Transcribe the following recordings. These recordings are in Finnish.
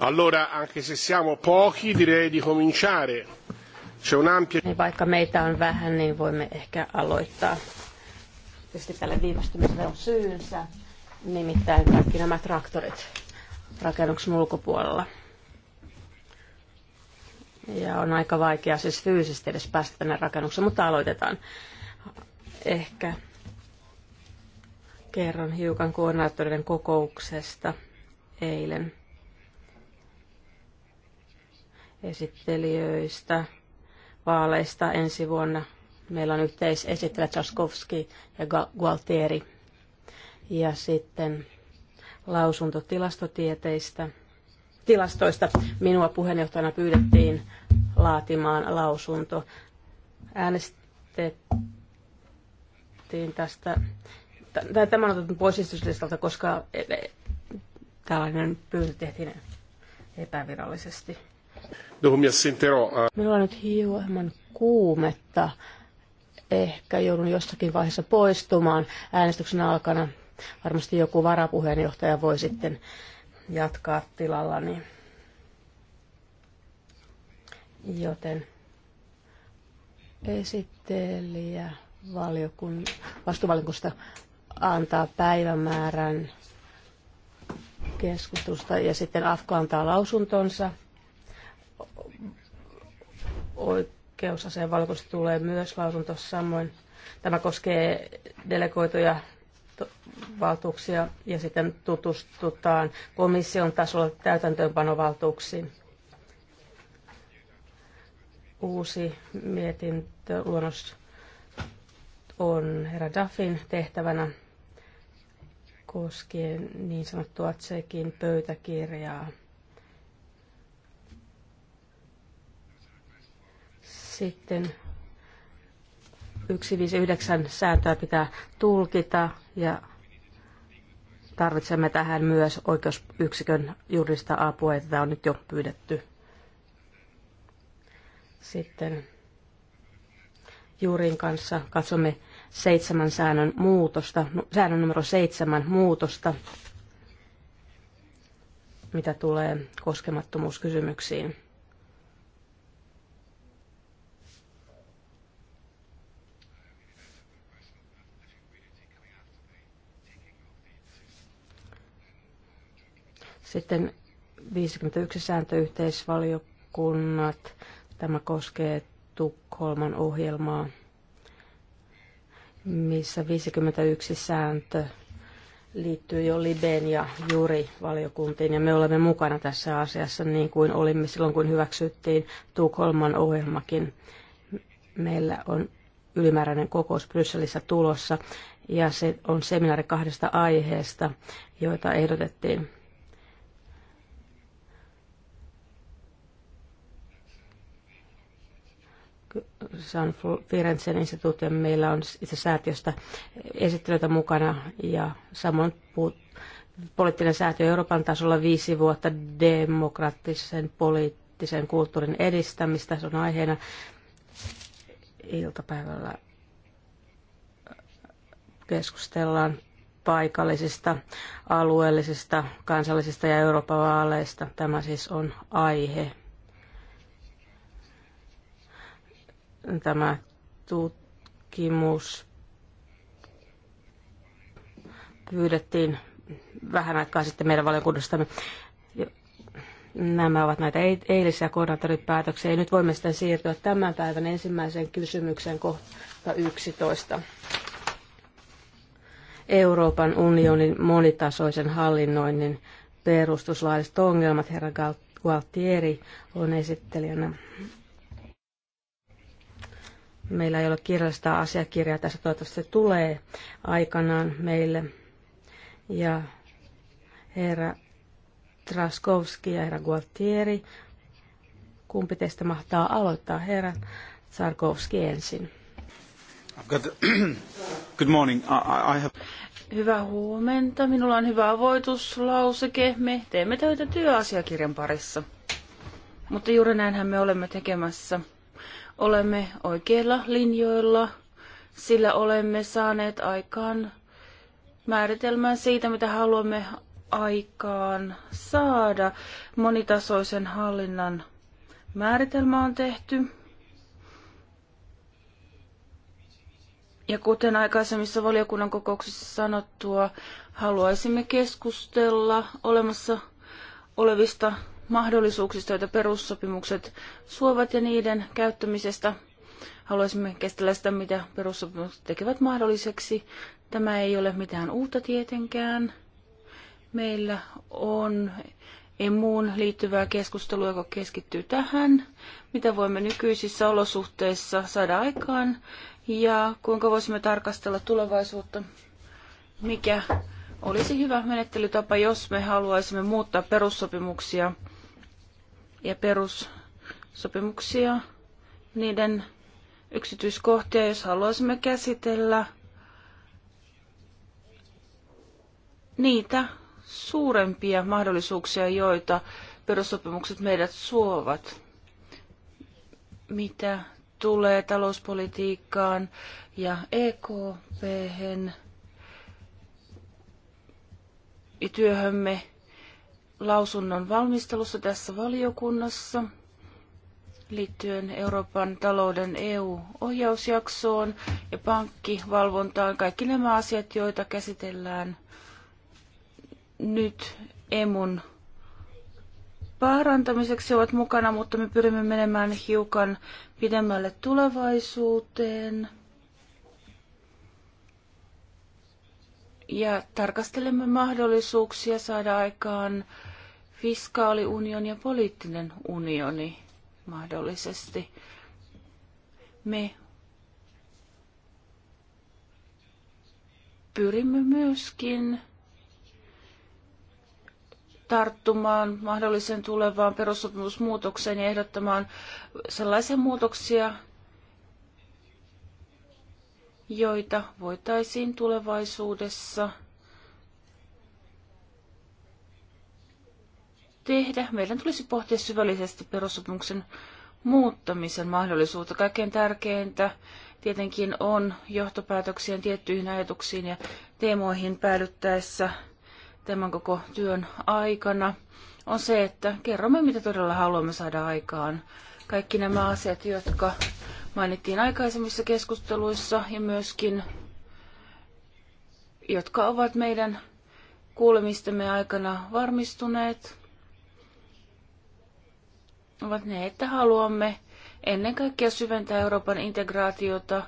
Allora, anche se siamo pochi, direi di cominciare. C'è on ampia... Niin, vaikka meitä on vähän, niin voimme ehkä aloittaa. Tietysti tälle viivästymiselle on syynsä, nimittäin kaikki nämä traktorit rakennuksen ulkopuolella. Ja on aika vaikea siis fyysisesti edes päästä tänne rakennukseen, mutta aloitetaan. Ehkä kerron hiukan koordinaattoreiden kokouksesta eilen esittelijöistä vaaleista ensi vuonna. Meillä on yhteisesittelijä Tchaskovski ja Gualtieri. Ja sitten lausunto tilastotieteistä. Tilastoista minua puheenjohtajana pyydettiin laatimaan lausunto. Äänestettiin tästä, tämä on otettu pois esityslistalta, koska e- e- tällainen pyyntö tehtiin epävirallisesti. Eh. Minulla on nyt hieman kuumetta. Ehkä joudun jostakin vaiheessa poistumaan äänestyksen alkana. Varmasti joku varapuheenjohtaja voi sitten jatkaa tilallani. Joten esittelijä valiokun, vastuvaliokunnasta antaa päivämäärän keskustelusta ja sitten Afko antaa lausuntonsa oikeusaseen valkoista tulee myös lausunto samoin. Tämä koskee delegoituja valtuuksia ja sitten tutustutaan komission tasolla täytäntöönpanovaltuuksiin. Uusi mietintöluonnos on herra Duffin tehtävänä koskien niin sanottua Tsekin pöytäkirjaa. Sitten 159 sääntöä pitää tulkita ja tarvitsemme tähän myös oikeusyksikön juridista apua että tämä on nyt jo pyydetty. Sitten juurin kanssa katsomme seitsemän säännön muutosta, säännön numero seitsemän muutosta, mitä tulee koskemattomuuskysymyksiin. Sitten 51 sääntöyhteisvaliokunnat. Tämä koskee Tukholman ohjelmaa, missä 51 sääntö liittyy jo Liben ja Juri valiokuntiin ja me olemme mukana tässä asiassa niin kuin olimme silloin, kun hyväksyttiin Tukholman ohjelmakin. Meillä on ylimääräinen kokous Brysselissä tulossa ja se on seminaari kahdesta aiheesta, joita ehdotettiin San Firenzen instituutio, Meillä on itse säätiöstä esittelyitä mukana ja samoin puut, poliittinen säätiö Euroopan tasolla viisi vuotta demokraattisen poliittisen kulttuurin edistämistä. Se on aiheena iltapäivällä keskustellaan paikallisista, alueellisista, kansallisista ja Euroopan vaaleista. Tämä siis on aihe, Tämä tutkimus pyydettiin vähän aikaa sitten meidän valiokunnastamme. Nämä ovat näitä eilisiä koordinaattoripäätöksiä. nyt voimme sitten siirtyä tämän päivän ensimmäiseen kysymykseen kohta 11. Euroopan unionin monitasoisen hallinnoinnin perustuslailliset ongelmat. Herra Gualtieri on esittelijänä. Meillä ei ole kirjallista asiakirjaa tässä, toivottavasti se tulee aikanaan meille. Ja herra Traskowski ja herra Gualtieri, kumpi teistä mahtaa aloittaa? Herra Tsarkovski ensin. Good morning. I, I have... Hyvää huomenta. Minulla on hyvä avoituslauseke. Me teemme töitä työasiakirjan parissa. Mutta juuri näinhän me olemme tekemässä olemme oikeilla linjoilla, sillä olemme saaneet aikaan määritelmän siitä, mitä haluamme aikaan saada. Monitasoisen hallinnan määritelmä on tehty. Ja kuten aikaisemmissa valiokunnan kokouksissa sanottua, haluaisimme keskustella olemassa olevista mahdollisuuksista, joita perussopimukset suovat ja niiden käyttämisestä. Haluaisimme kestellä sitä, mitä perussopimukset tekevät mahdolliseksi. Tämä ei ole mitään uutta tietenkään. Meillä on emuun liittyvää keskustelua, joka keskittyy tähän, mitä voimme nykyisissä olosuhteissa saada aikaan ja kuinka voisimme tarkastella tulevaisuutta, mikä olisi hyvä menettelytapa, jos me haluaisimme muuttaa perussopimuksia ja perussopimuksia, niiden yksityiskohtia, jos haluaisimme käsitellä niitä suurempia mahdollisuuksia, joita perussopimukset meidät suovat. Mitä tulee talouspolitiikkaan ja EKP ja työhömme lausunnon valmistelussa tässä valiokunnassa liittyen Euroopan talouden EU-ohjausjaksoon ja pankkivalvontaan. Kaikki nämä asiat, joita käsitellään nyt emun parantamiseksi ovat mukana, mutta me pyrimme menemään hiukan pidemmälle tulevaisuuteen. ja tarkastelemme mahdollisuuksia saada aikaan fiskaaliunion ja poliittinen unioni mahdollisesti. Me pyrimme myöskin tarttumaan mahdolliseen tulevaan perussopimusmuutokseen ja ehdottamaan sellaisia muutoksia, joita voitaisiin tulevaisuudessa tehdä. Meidän tulisi pohtia syvällisesti perussopimuksen muuttamisen mahdollisuutta. Kaikkein tärkeintä tietenkin on johtopäätöksien tiettyihin ajatuksiin ja teemoihin päädyttäessä tämän koko työn aikana on se, että kerromme, mitä todella haluamme saada aikaan. Kaikki nämä asiat, jotka mainittiin aikaisemmissa keskusteluissa ja myöskin, jotka ovat meidän kuulemistemme aikana varmistuneet, ovat ne, että haluamme ennen kaikkea syventää Euroopan integraatiota,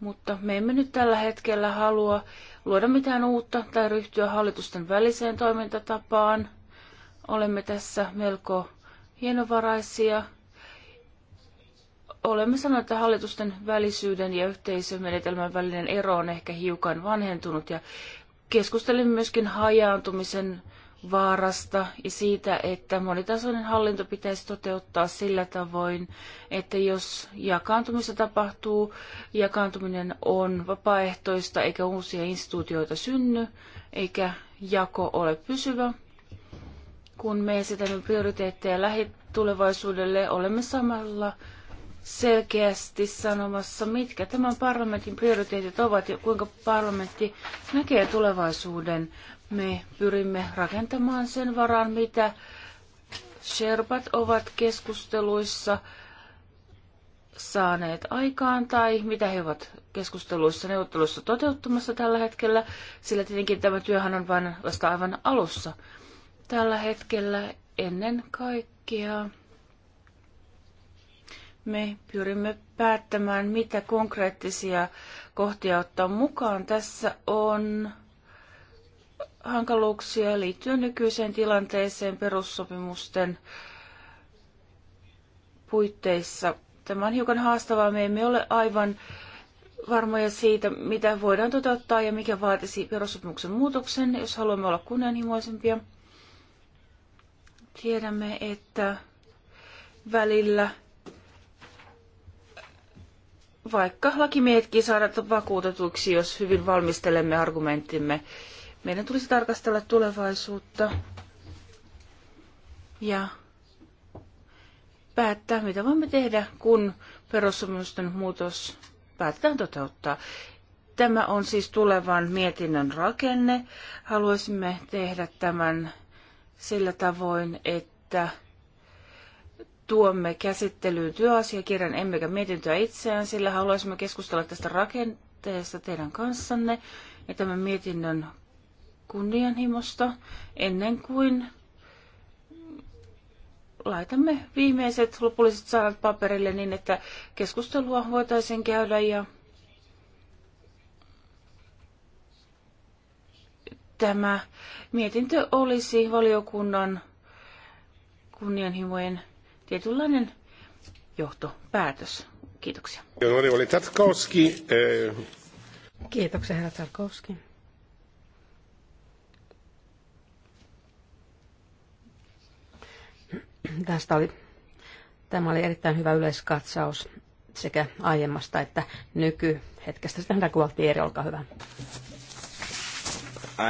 mutta me emme nyt tällä hetkellä halua luoda mitään uutta tai ryhtyä hallitusten väliseen toimintatapaan. Olemme tässä melko hienovaraisia olemme sanoneet, että hallitusten välisyyden ja yhteisömenetelmän välinen ero on ehkä hiukan vanhentunut ja keskustelimme myöskin hajaantumisen vaarasta ja siitä, että monitasoinen hallinto pitäisi toteuttaa sillä tavoin, että jos jakaantumista tapahtuu, jakaantuminen on vapaaehtoista eikä uusia instituutioita synny, eikä jako ole pysyvä. Kun me esitämme prioriteetteja lähitulevaisuudelle, olemme samalla selkeästi sanomassa, mitkä tämän parlamentin prioriteetit ovat ja kuinka parlamentti näkee tulevaisuuden. Me pyrimme rakentamaan sen varaan, mitä Sherpat ovat keskusteluissa saaneet aikaan tai mitä he ovat keskusteluissa neuvotteluissa toteuttamassa tällä hetkellä, sillä tietenkin tämä työhän on vain vasta aivan alussa. Tällä hetkellä ennen kaikkea me pyrimme päättämään, mitä konkreettisia kohtia ottaa mukaan. Tässä on hankaluuksia liittyen nykyiseen tilanteeseen perussopimusten puitteissa. Tämä on hiukan haastavaa. Me emme ole aivan varmoja siitä, mitä voidaan toteuttaa ja mikä vaatisi perussopimuksen muutoksen, jos haluamme olla kunnianhimoisempia. Tiedämme, että välillä vaikka lakimiehetkin saada vakuutetuiksi, jos hyvin valmistelemme argumenttimme. Meidän tulisi tarkastella tulevaisuutta ja päättää, mitä voimme tehdä, kun perussopimusten muutos päätetään toteuttaa. Tämä on siis tulevan mietinnön rakenne. Haluaisimme tehdä tämän sillä tavoin, että tuomme käsittelyyn työasiakirjan emmekä mietintöä itseään, sillä haluaisimme keskustella tästä rakenteesta teidän kanssanne ja tämän mietinnön kunnianhimosta ennen kuin laitamme viimeiset lopulliset sanat paperille niin, että keskustelua voitaisiin käydä ja tämä mietintö olisi valiokunnan kunnianhimojen tietynlainen johtopäätös. Kiitoksia. Oli eh. Kiitoksia, herra Tarkovski. Tästä oli, tämä oli erittäin hyvä yleiskatsaus sekä aiemmasta että nykyhetkestä. Sitten hän kuvattiin eri, olkaa hyvä.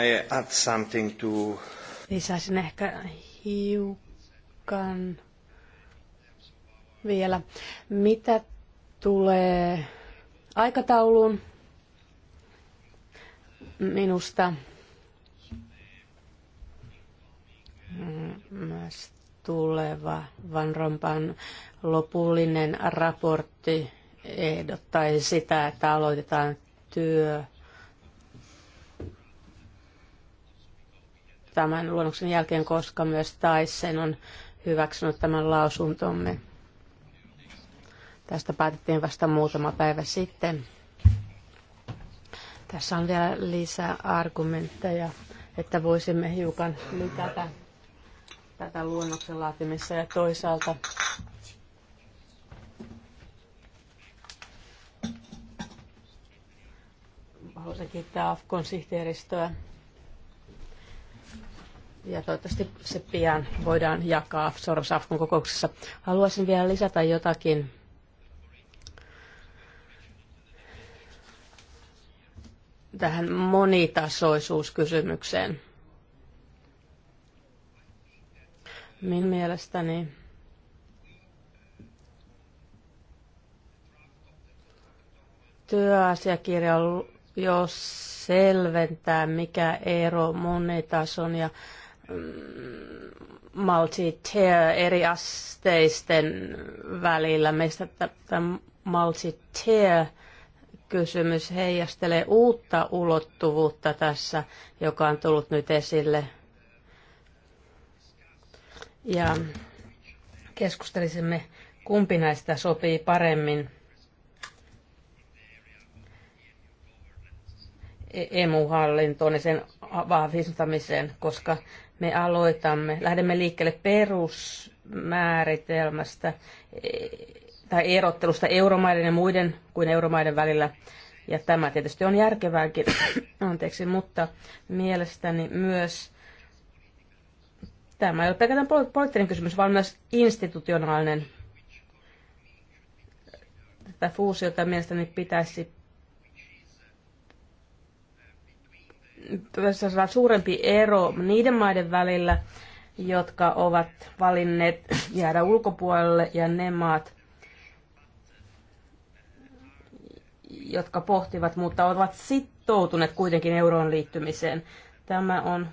I add something to... Lisäisin ehkä hiukan vielä. Mitä tulee aikatauluun minusta myös tuleva Van Rompan lopullinen raportti ehdottaisi sitä, että aloitetaan työ tämän luonnoksen jälkeen, koska myös Taisen on hyväksynyt tämän lausuntomme. Tästä päätettiin vasta muutama päivä sitten. Tässä on vielä lisää argumentteja, että voisimme hiukan lykätä tätä luonnoksen laatimissa ja toisaalta haluaisin kiittää Afkon sihteeristöä. Ja toivottavasti se pian voidaan jakaa Soros Afkon kokouksessa. Haluaisin vielä lisätä jotakin tähän monitasoisuuskysymykseen. Minun mielestäni työasiakirja jo selventää, mikä ero monitason ja mm, multi eri asteisten välillä. Meistä tämä multi-tier kysymys heijastelee uutta ulottuvuutta tässä, joka on tullut nyt esille. Ja keskustelisimme, kumpi näistä sopii paremmin e- emu-hallintoon ja sen vahvistamiseen, koska me aloitamme, lähdemme liikkeelle perusmääritelmästä tai erottelusta euromaiden ja muiden kuin euromaiden välillä. Ja tämä tietysti on järkevääkin, anteeksi, mutta mielestäni myös tämä ei ole pelkästään poliittinen kysymys, vaan myös institutionaalinen. Tätä fuusiota mielestäni pitäisi saada suurempi ero niiden maiden välillä, jotka ovat valinneet jäädä ulkopuolelle ja ne maat, jotka pohtivat, mutta ovat sitoutuneet kuitenkin euroon liittymiseen. Tämä on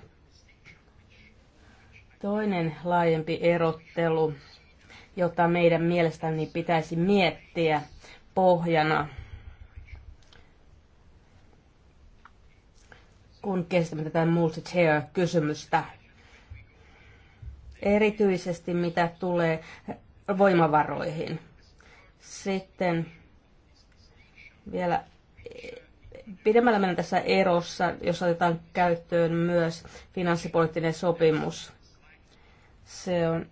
toinen laajempi erottelu, jota meidän mielestäni pitäisi miettiä pohjana, kun kestämme tätä multi kysymystä Erityisesti mitä tulee voimavaroihin. Sitten vielä eh, pidemmällä mennä tässä erossa, jos otetaan käyttöön myös finanssipoliittinen sopimus. Se on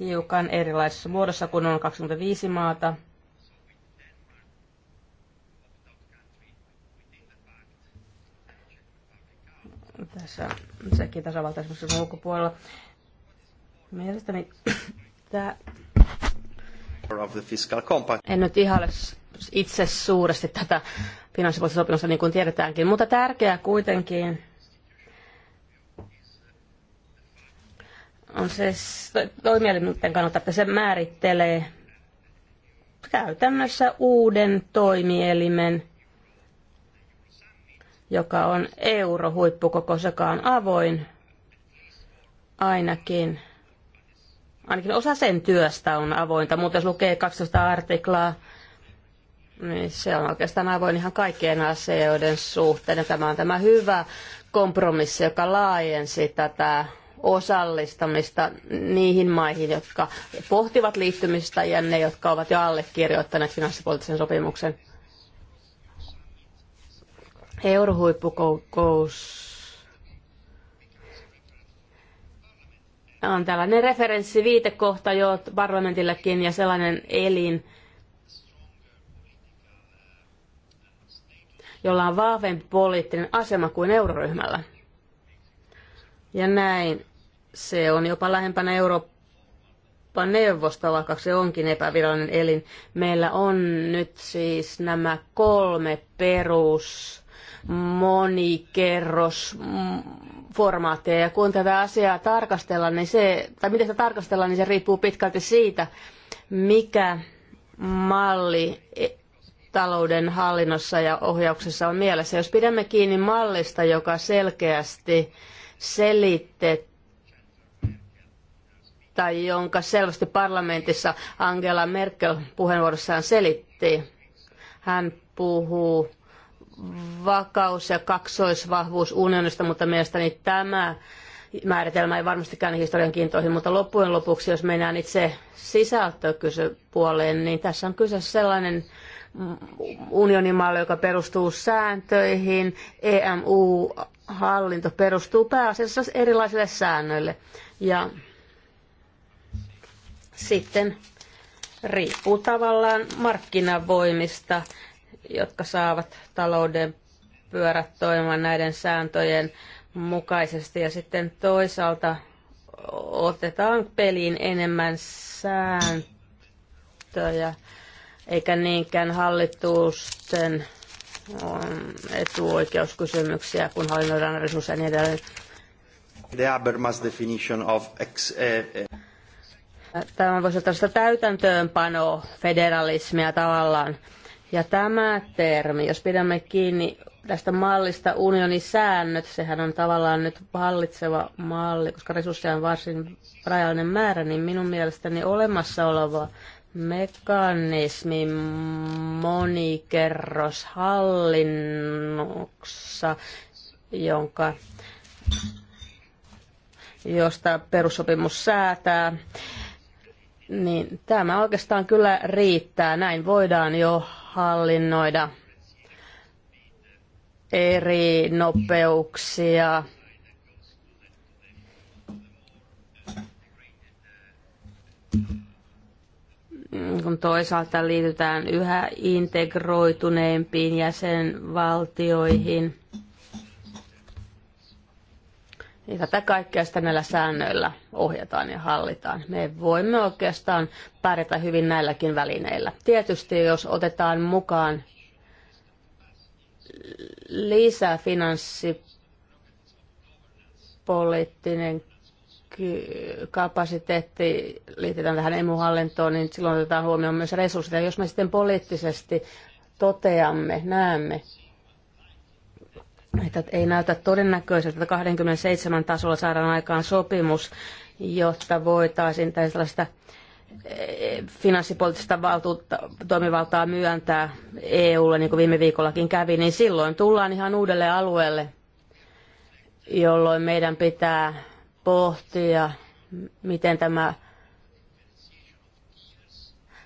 hiukan erilaisessa muodossa, kun on 25 maata. Tässä sekin tasavalta esimerkiksi ulkopuolella. Mielestäni tämä... En nyt ihan itse suuresti tätä finanssipoliittista niin kuin tiedetäänkin. Mutta tärkeää kuitenkin on se toimielinten kannalta, että se määrittelee käytännössä uuden toimielimen, joka on eurohuippukokous, joka on avoin ainakin. Ainakin osa sen työstä on avointa, mutta jos lukee 12 artiklaa, niin se on oikeastaan avoin ihan kaikkien asioiden suhteen. Ja tämä on tämä hyvä kompromissi, joka laajensi tätä osallistamista niihin maihin, jotka pohtivat liittymistä ja ne, jotka ovat jo allekirjoittaneet finanssipoliittisen sopimuksen. Eurohuippukokous on tällainen referenssiviitekohta jo parlamentillekin ja sellainen elin, jolla on vahvempi poliittinen asema kuin euroryhmällä. Ja näin se on jopa lähempänä Euroopan neuvosta, vaikka se onkin epävirallinen elin. Meillä on nyt siis nämä kolme perus monikerros formaatteja. Ja kun tätä asiaa tarkastellaan, niin se, tai miten sitä tarkastellaan, niin se riippuu pitkälti siitä, mikä malli talouden hallinnossa ja ohjauksessa on mielessä. Jos pidämme kiinni mallista, joka selkeästi selitetty, tai jonka selvästi parlamentissa Angela Merkel puheenvuorossaan selitti. Hän puhuu vakaus- ja unionista, mutta mielestäni tämä määritelmä ei varmastikään historian kiintoihin, mutta loppujen lopuksi, jos mennään itse sisältöpuoleen, niin tässä on kyse sellainen unionimalli, joka perustuu sääntöihin. EMU-hallinto perustuu pääasiassa erilaisille säännöille. Ja sitten riippuu tavallaan markkinavoimista, jotka saavat talouden pyörät toimimaan näiden sääntöjen mukaisesti. Ja sitten toisaalta otetaan peliin enemmän sääntöjä eikä niinkään hallitusten um, etuoikeuskysymyksiä, kun hallinnoidaan resursseja ja niin edelleen. The Habermas definition of ex, eh, eh. Tämä voisi olla tällaista täytäntöönpanoa, federalismia tavallaan. Ja tämä termi, jos pidämme kiinni tästä mallista unionin säännöt, sehän on tavallaan nyt hallitseva malli, koska resursseja on varsin rajallinen määrä, niin minun mielestäni olemassa oleva mekanismi monikerroshallinnossa, jonka, josta perussopimus säätää, niin tämä oikeastaan kyllä riittää. Näin voidaan jo hallinnoida eri nopeuksia, kun toisaalta liitytään yhä integroituneempiin jäsenvaltioihin. Ja tätä kaikkea sitä näillä säännöillä ohjataan ja hallitaan. Me voimme oikeastaan pärjätä hyvin näilläkin välineillä. Tietysti jos otetaan mukaan lisää finanssipoliittinen kapasiteetti liitetään tähän emuhallintoon, niin silloin otetaan huomioon myös resursseja, jos me sitten poliittisesti toteamme, näemme, että ei näytä todennäköiseltä, että 27 tasolla saadaan aikaan sopimus, jotta voitaisiin tällaista eh, finanssipoliittista valtuutta, toimivaltaa myöntää EUlle, niin kuin viime viikollakin kävi, niin silloin tullaan ihan uudelle alueelle, jolloin meidän pitää pohtia, miten tämä,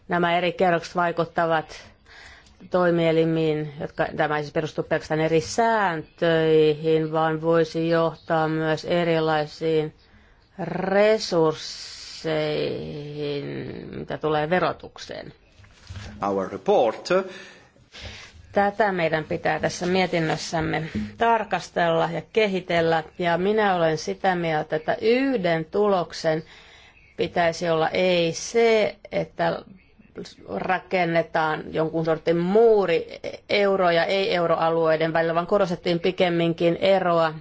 nämä eri kerrokset vaikuttavat toimielimiin, jotka tämä ei siis perustu pelkästään eri sääntöihin, vaan voisi johtaa myös erilaisiin resursseihin, mitä tulee verotukseen. Our report. Tätä meidän pitää tässä mietinnössämme tarkastella ja kehitellä. Ja minä olen sitä mieltä, että yhden tuloksen pitäisi olla ei se, että rakennetaan jonkun sortin muuri euro- ja ei-euroalueiden välillä, vaan korostettiin pikemminkin eroa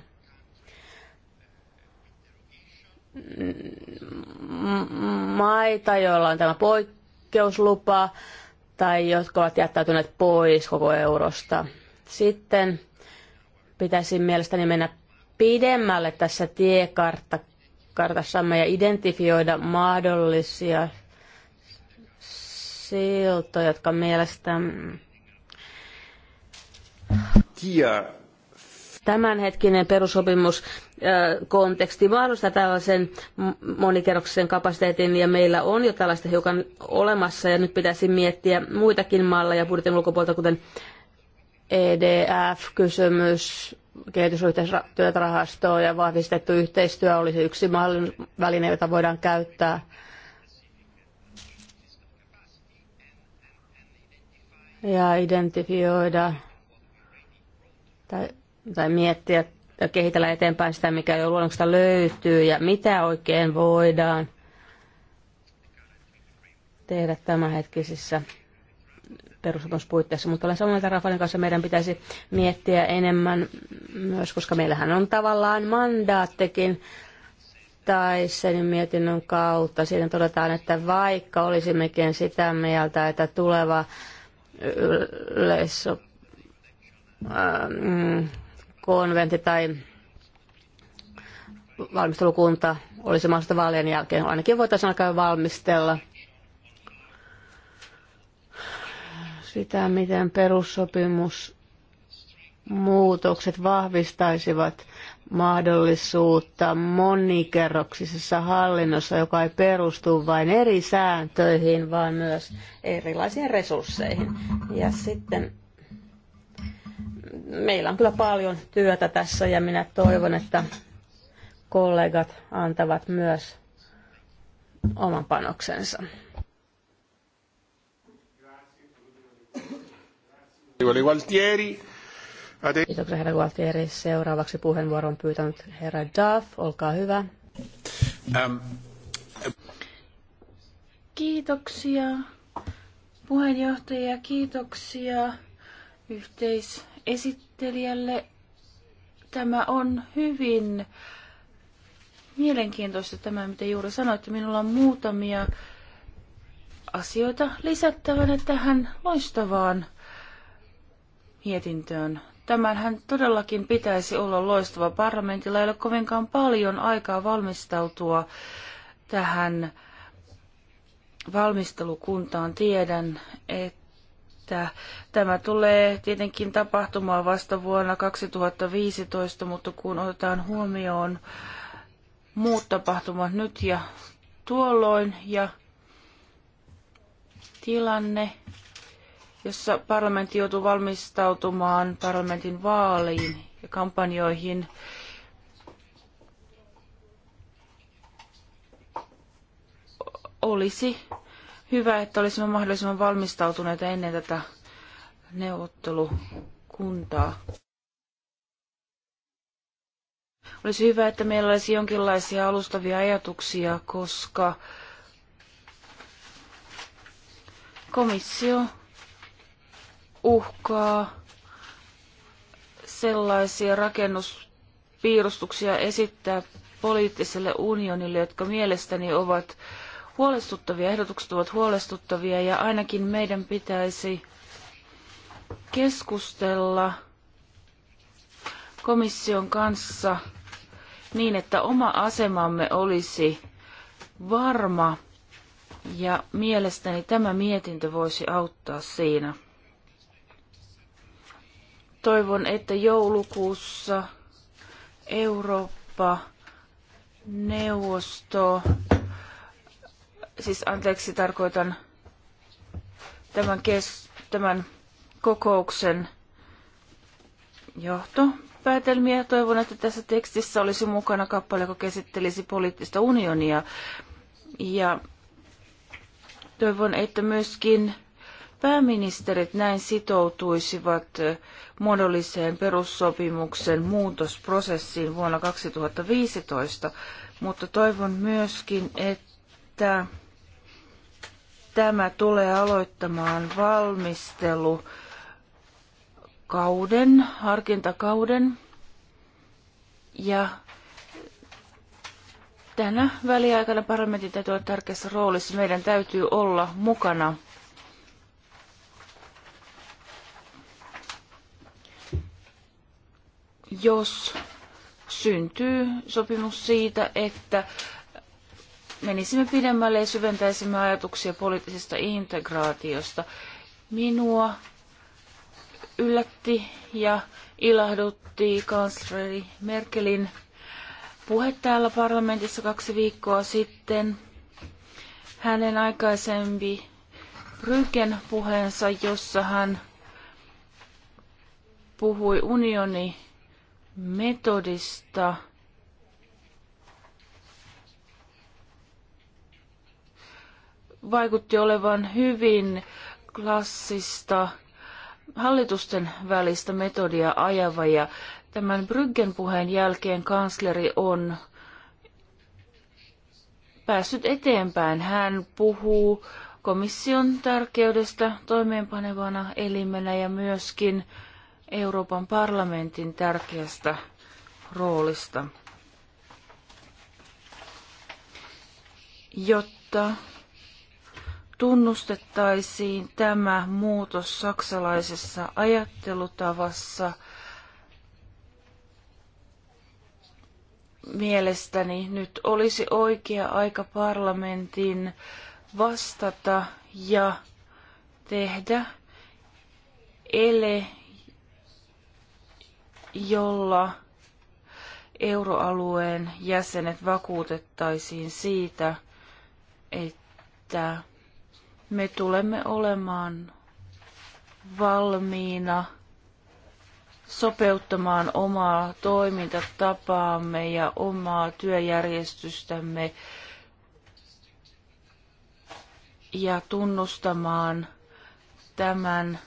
maita, joilla on tämä poikkeuslupa, tai jotka ovat jättäytyneet pois koko eurosta. Sitten pitäisi mielestäni mennä pidemmälle tässä tiekartassamme ja identifioida mahdollisia siltoja, jotka mielestäni Tia. Tämänhetkinen perussopimuskonteksti mahdollistaa tällaisen monikerroksisen kapasiteetin ja meillä on jo tällaista hiukan olemassa ja nyt pitäisi miettiä muitakin malleja budjetin ulkopuolelta, kuten EDF-kysymys, kehitysyhteistyörahastoa ja vahvistettu yhteistyö olisi yksi mahdollinen väline, jota voidaan käyttää. Ja identifioida tai tai miettiä ja kehitellä eteenpäin sitä, mikä jo luonnoksesta löytyy ja mitä oikein voidaan tehdä tämänhetkisissä perusopimuspuitteissa. mutta olen samaa mieltä Rafaelin kanssa, meidän pitäisi miettiä enemmän myös, koska meillähän on tavallaan mandaattikin tai sen mietinnön kautta. Siinä todetaan, että vaikka olisimmekin sitä mieltä, että tuleva yleissopimus mm, konventti tai valmistelukunta olisi mahdollista vaalien jälkeen. Ainakin voitaisiin alkaa valmistella sitä, miten perussopimus muutokset vahvistaisivat mahdollisuutta monikerroksisessa hallinnossa, joka ei perustu vain eri sääntöihin, vaan myös erilaisiin resursseihin. Ja sitten meillä on kyllä paljon työtä tässä ja minä toivon, että kollegat antavat myös oman panoksensa. Kiitoksia herra Gualtieri. Seuraavaksi puheenvuoron pyytänyt herra Duff. Olkaa hyvä. Ähm, kiitoksia puheenjohtaja, kiitoksia yhteis esittelijälle. Tämä on hyvin mielenkiintoista tämä, mitä juuri että Minulla on muutamia asioita lisättävänä tähän loistavaan mietintöön. Tämänhän todellakin pitäisi olla loistava. Parlamentilla ei ole kovinkaan paljon aikaa valmistautua tähän valmistelukuntaan. Tiedän, että että tämä tulee tietenkin tapahtumaan vasta vuonna 2015, mutta kun otetaan huomioon muut tapahtumat nyt ja tuolloin ja tilanne, jossa parlamentti joutuu valmistautumaan parlamentin vaaliin ja kampanjoihin, olisi hyvä, että olisimme mahdollisimman valmistautuneita ennen tätä neuvottelukuntaa. Olisi hyvä, että meillä olisi jonkinlaisia alustavia ajatuksia, koska komissio uhkaa sellaisia rakennuspiirustuksia esittää poliittiselle unionille, jotka mielestäni ovat huolestuttavia, ehdotukset ovat huolestuttavia ja ainakin meidän pitäisi keskustella komission kanssa niin, että oma asemamme olisi varma ja mielestäni tämä mietintö voisi auttaa siinä. Toivon, että joulukuussa Eurooppa neuvosto siis anteeksi tarkoitan tämän, kes, tämän kokouksen johtopäätelmiä. Toivon, että tässä tekstissä olisi mukana kappale, joka käsittelisi poliittista unionia. Ja toivon, että myöskin pääministerit näin sitoutuisivat muodolliseen perussopimuksen muutosprosessiin vuonna 2015, mutta toivon myöskin, että tämä tulee aloittamaan valmistelu kauden, harkintakauden ja tänä väliaikana parlamentin täytyy olla tärkeässä roolissa. Meidän täytyy olla mukana jos syntyy sopimus siitä, että menisimme pidemmälle ja syventäisimme ajatuksia poliittisesta integraatiosta. Minua yllätti ja ilahdutti kansleri Merkelin puhe täällä parlamentissa kaksi viikkoa sitten. Hänen aikaisempi Bryken puheensa, jossa hän puhui unioni metodista – vaikutti olevan hyvin klassista hallitusten välistä metodia ajava ja tämän Bryggen puheen jälkeen kansleri on päässyt eteenpäin. Hän puhuu komission tärkeydestä toimeenpanevana elimenä ja myöskin Euroopan parlamentin tärkeästä roolista, jotta tunnustettaisiin tämä muutos saksalaisessa ajattelutavassa. Mielestäni nyt olisi oikea aika parlamentin vastata ja tehdä ele, jolla euroalueen jäsenet vakuutettaisiin siitä, että me tulemme olemaan valmiina sopeuttamaan omaa toimintatapaamme ja omaa työjärjestystämme ja tunnustamaan tämän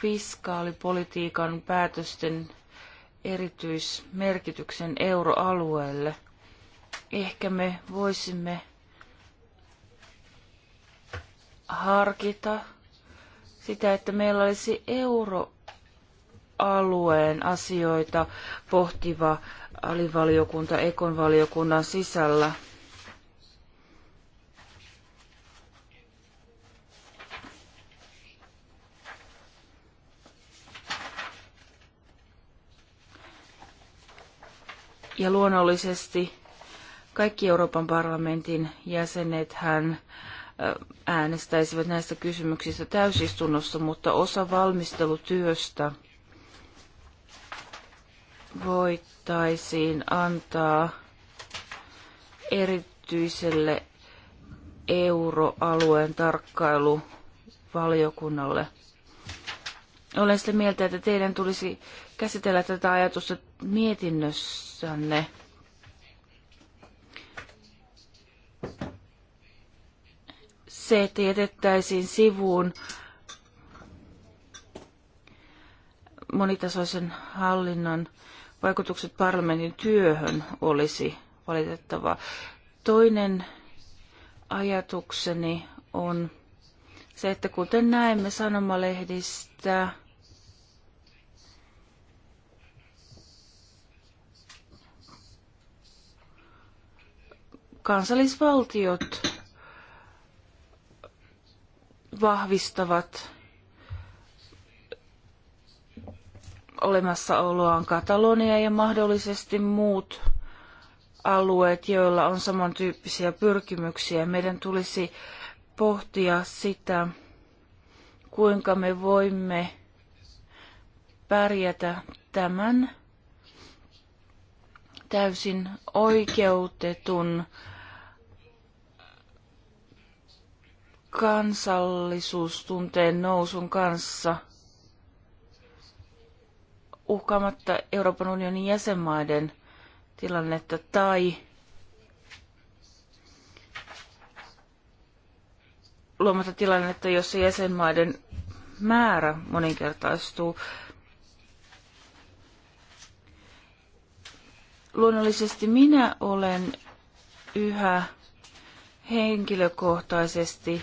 fiskaalipolitiikan päätösten erityismerkityksen euroalueelle. Ehkä me voisimme harkita sitä, että meillä olisi euroalueen asioita pohtiva alivaliokunta Ekon valiokunnan sisällä. Ja luonnollisesti kaikki Euroopan parlamentin jäsenet hän äänestäisivät näistä kysymyksistä täysistunnossa, mutta osa valmistelutyöstä voitaisiin antaa erityiselle euroalueen tarkkailuvaliokunnalle. Olen sitä mieltä, että teidän tulisi käsitellä tätä ajatusta mietinnössänne se, että jätettäisiin sivuun monitasoisen hallinnon vaikutukset parlamentin työhön olisi valitettavaa. Toinen ajatukseni on se, että kuten näemme sanomalehdistä, kansallisvaltiot vahvistavat olemassaoloaan Katalonia ja mahdollisesti muut alueet, joilla on samantyyppisiä pyrkimyksiä. Meidän tulisi pohtia sitä, kuinka me voimme pärjätä tämän täysin oikeutetun kansallisuustunteen nousun kanssa uhkaamatta Euroopan unionin jäsenmaiden tilannetta tai luomatta tilannetta, jossa jäsenmaiden määrä moninkertaistuu. Luonnollisesti minä olen yhä henkilökohtaisesti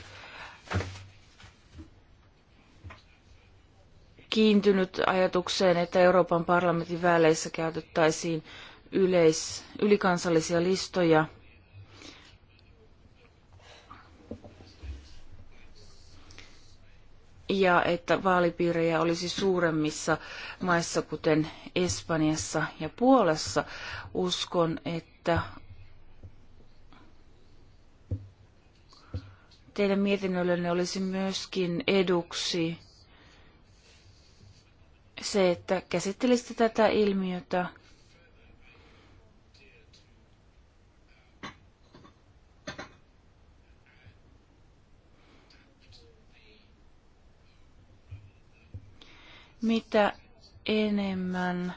kiintynyt ajatukseen, että Euroopan parlamentin väleissä käytettäisiin yleis, ylikansallisia listoja. Ja että vaalipiirejä olisi suuremmissa maissa, kuten Espanjassa ja Puolassa. Uskon, että teidän mietinnöllenne olisi myöskin eduksi se, että käsittelisitte tätä ilmiötä mitä enemmän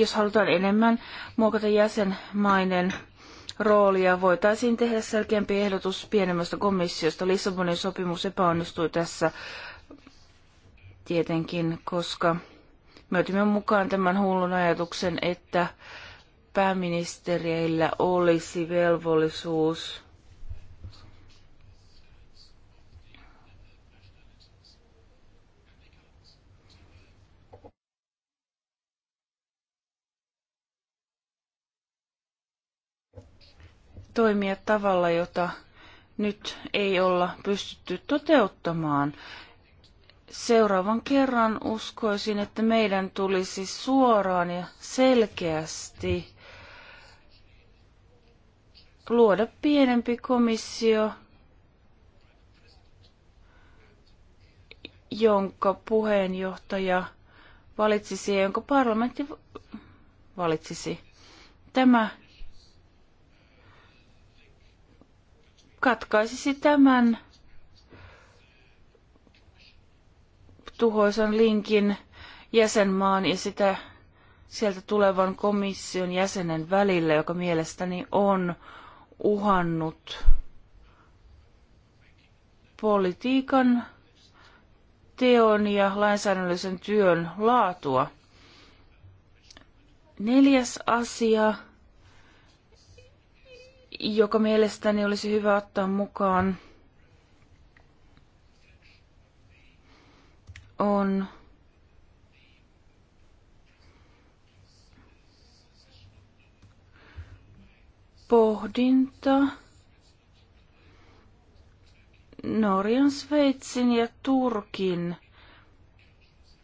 jos halutaan enemmän muokata jäsenmaiden roolia, voitaisiin tehdä selkeämpi ehdotus pienemmästä komissiosta. Lissabonin sopimus epäonnistui tässä tietenkin, koska me otimme mukaan tämän hullun ajatuksen, että pääministeriillä olisi velvollisuus toimia tavalla, jota nyt ei olla pystytty toteuttamaan. Seuraavan kerran uskoisin, että meidän tulisi suoraan ja selkeästi luoda pienempi komissio, jonka puheenjohtaja valitsisi ja jonka parlamentti valitsisi. Tämä katkaisisi tämän tuhoisan linkin jäsenmaan ja sitä sieltä tulevan komission jäsenen välillä, joka mielestäni on uhannut politiikan teon ja lainsäädännöllisen työn laatua. Neljäs asia joka mielestäni olisi hyvä ottaa mukaan, on pohdinta Norjan, Sveitsin ja Turkin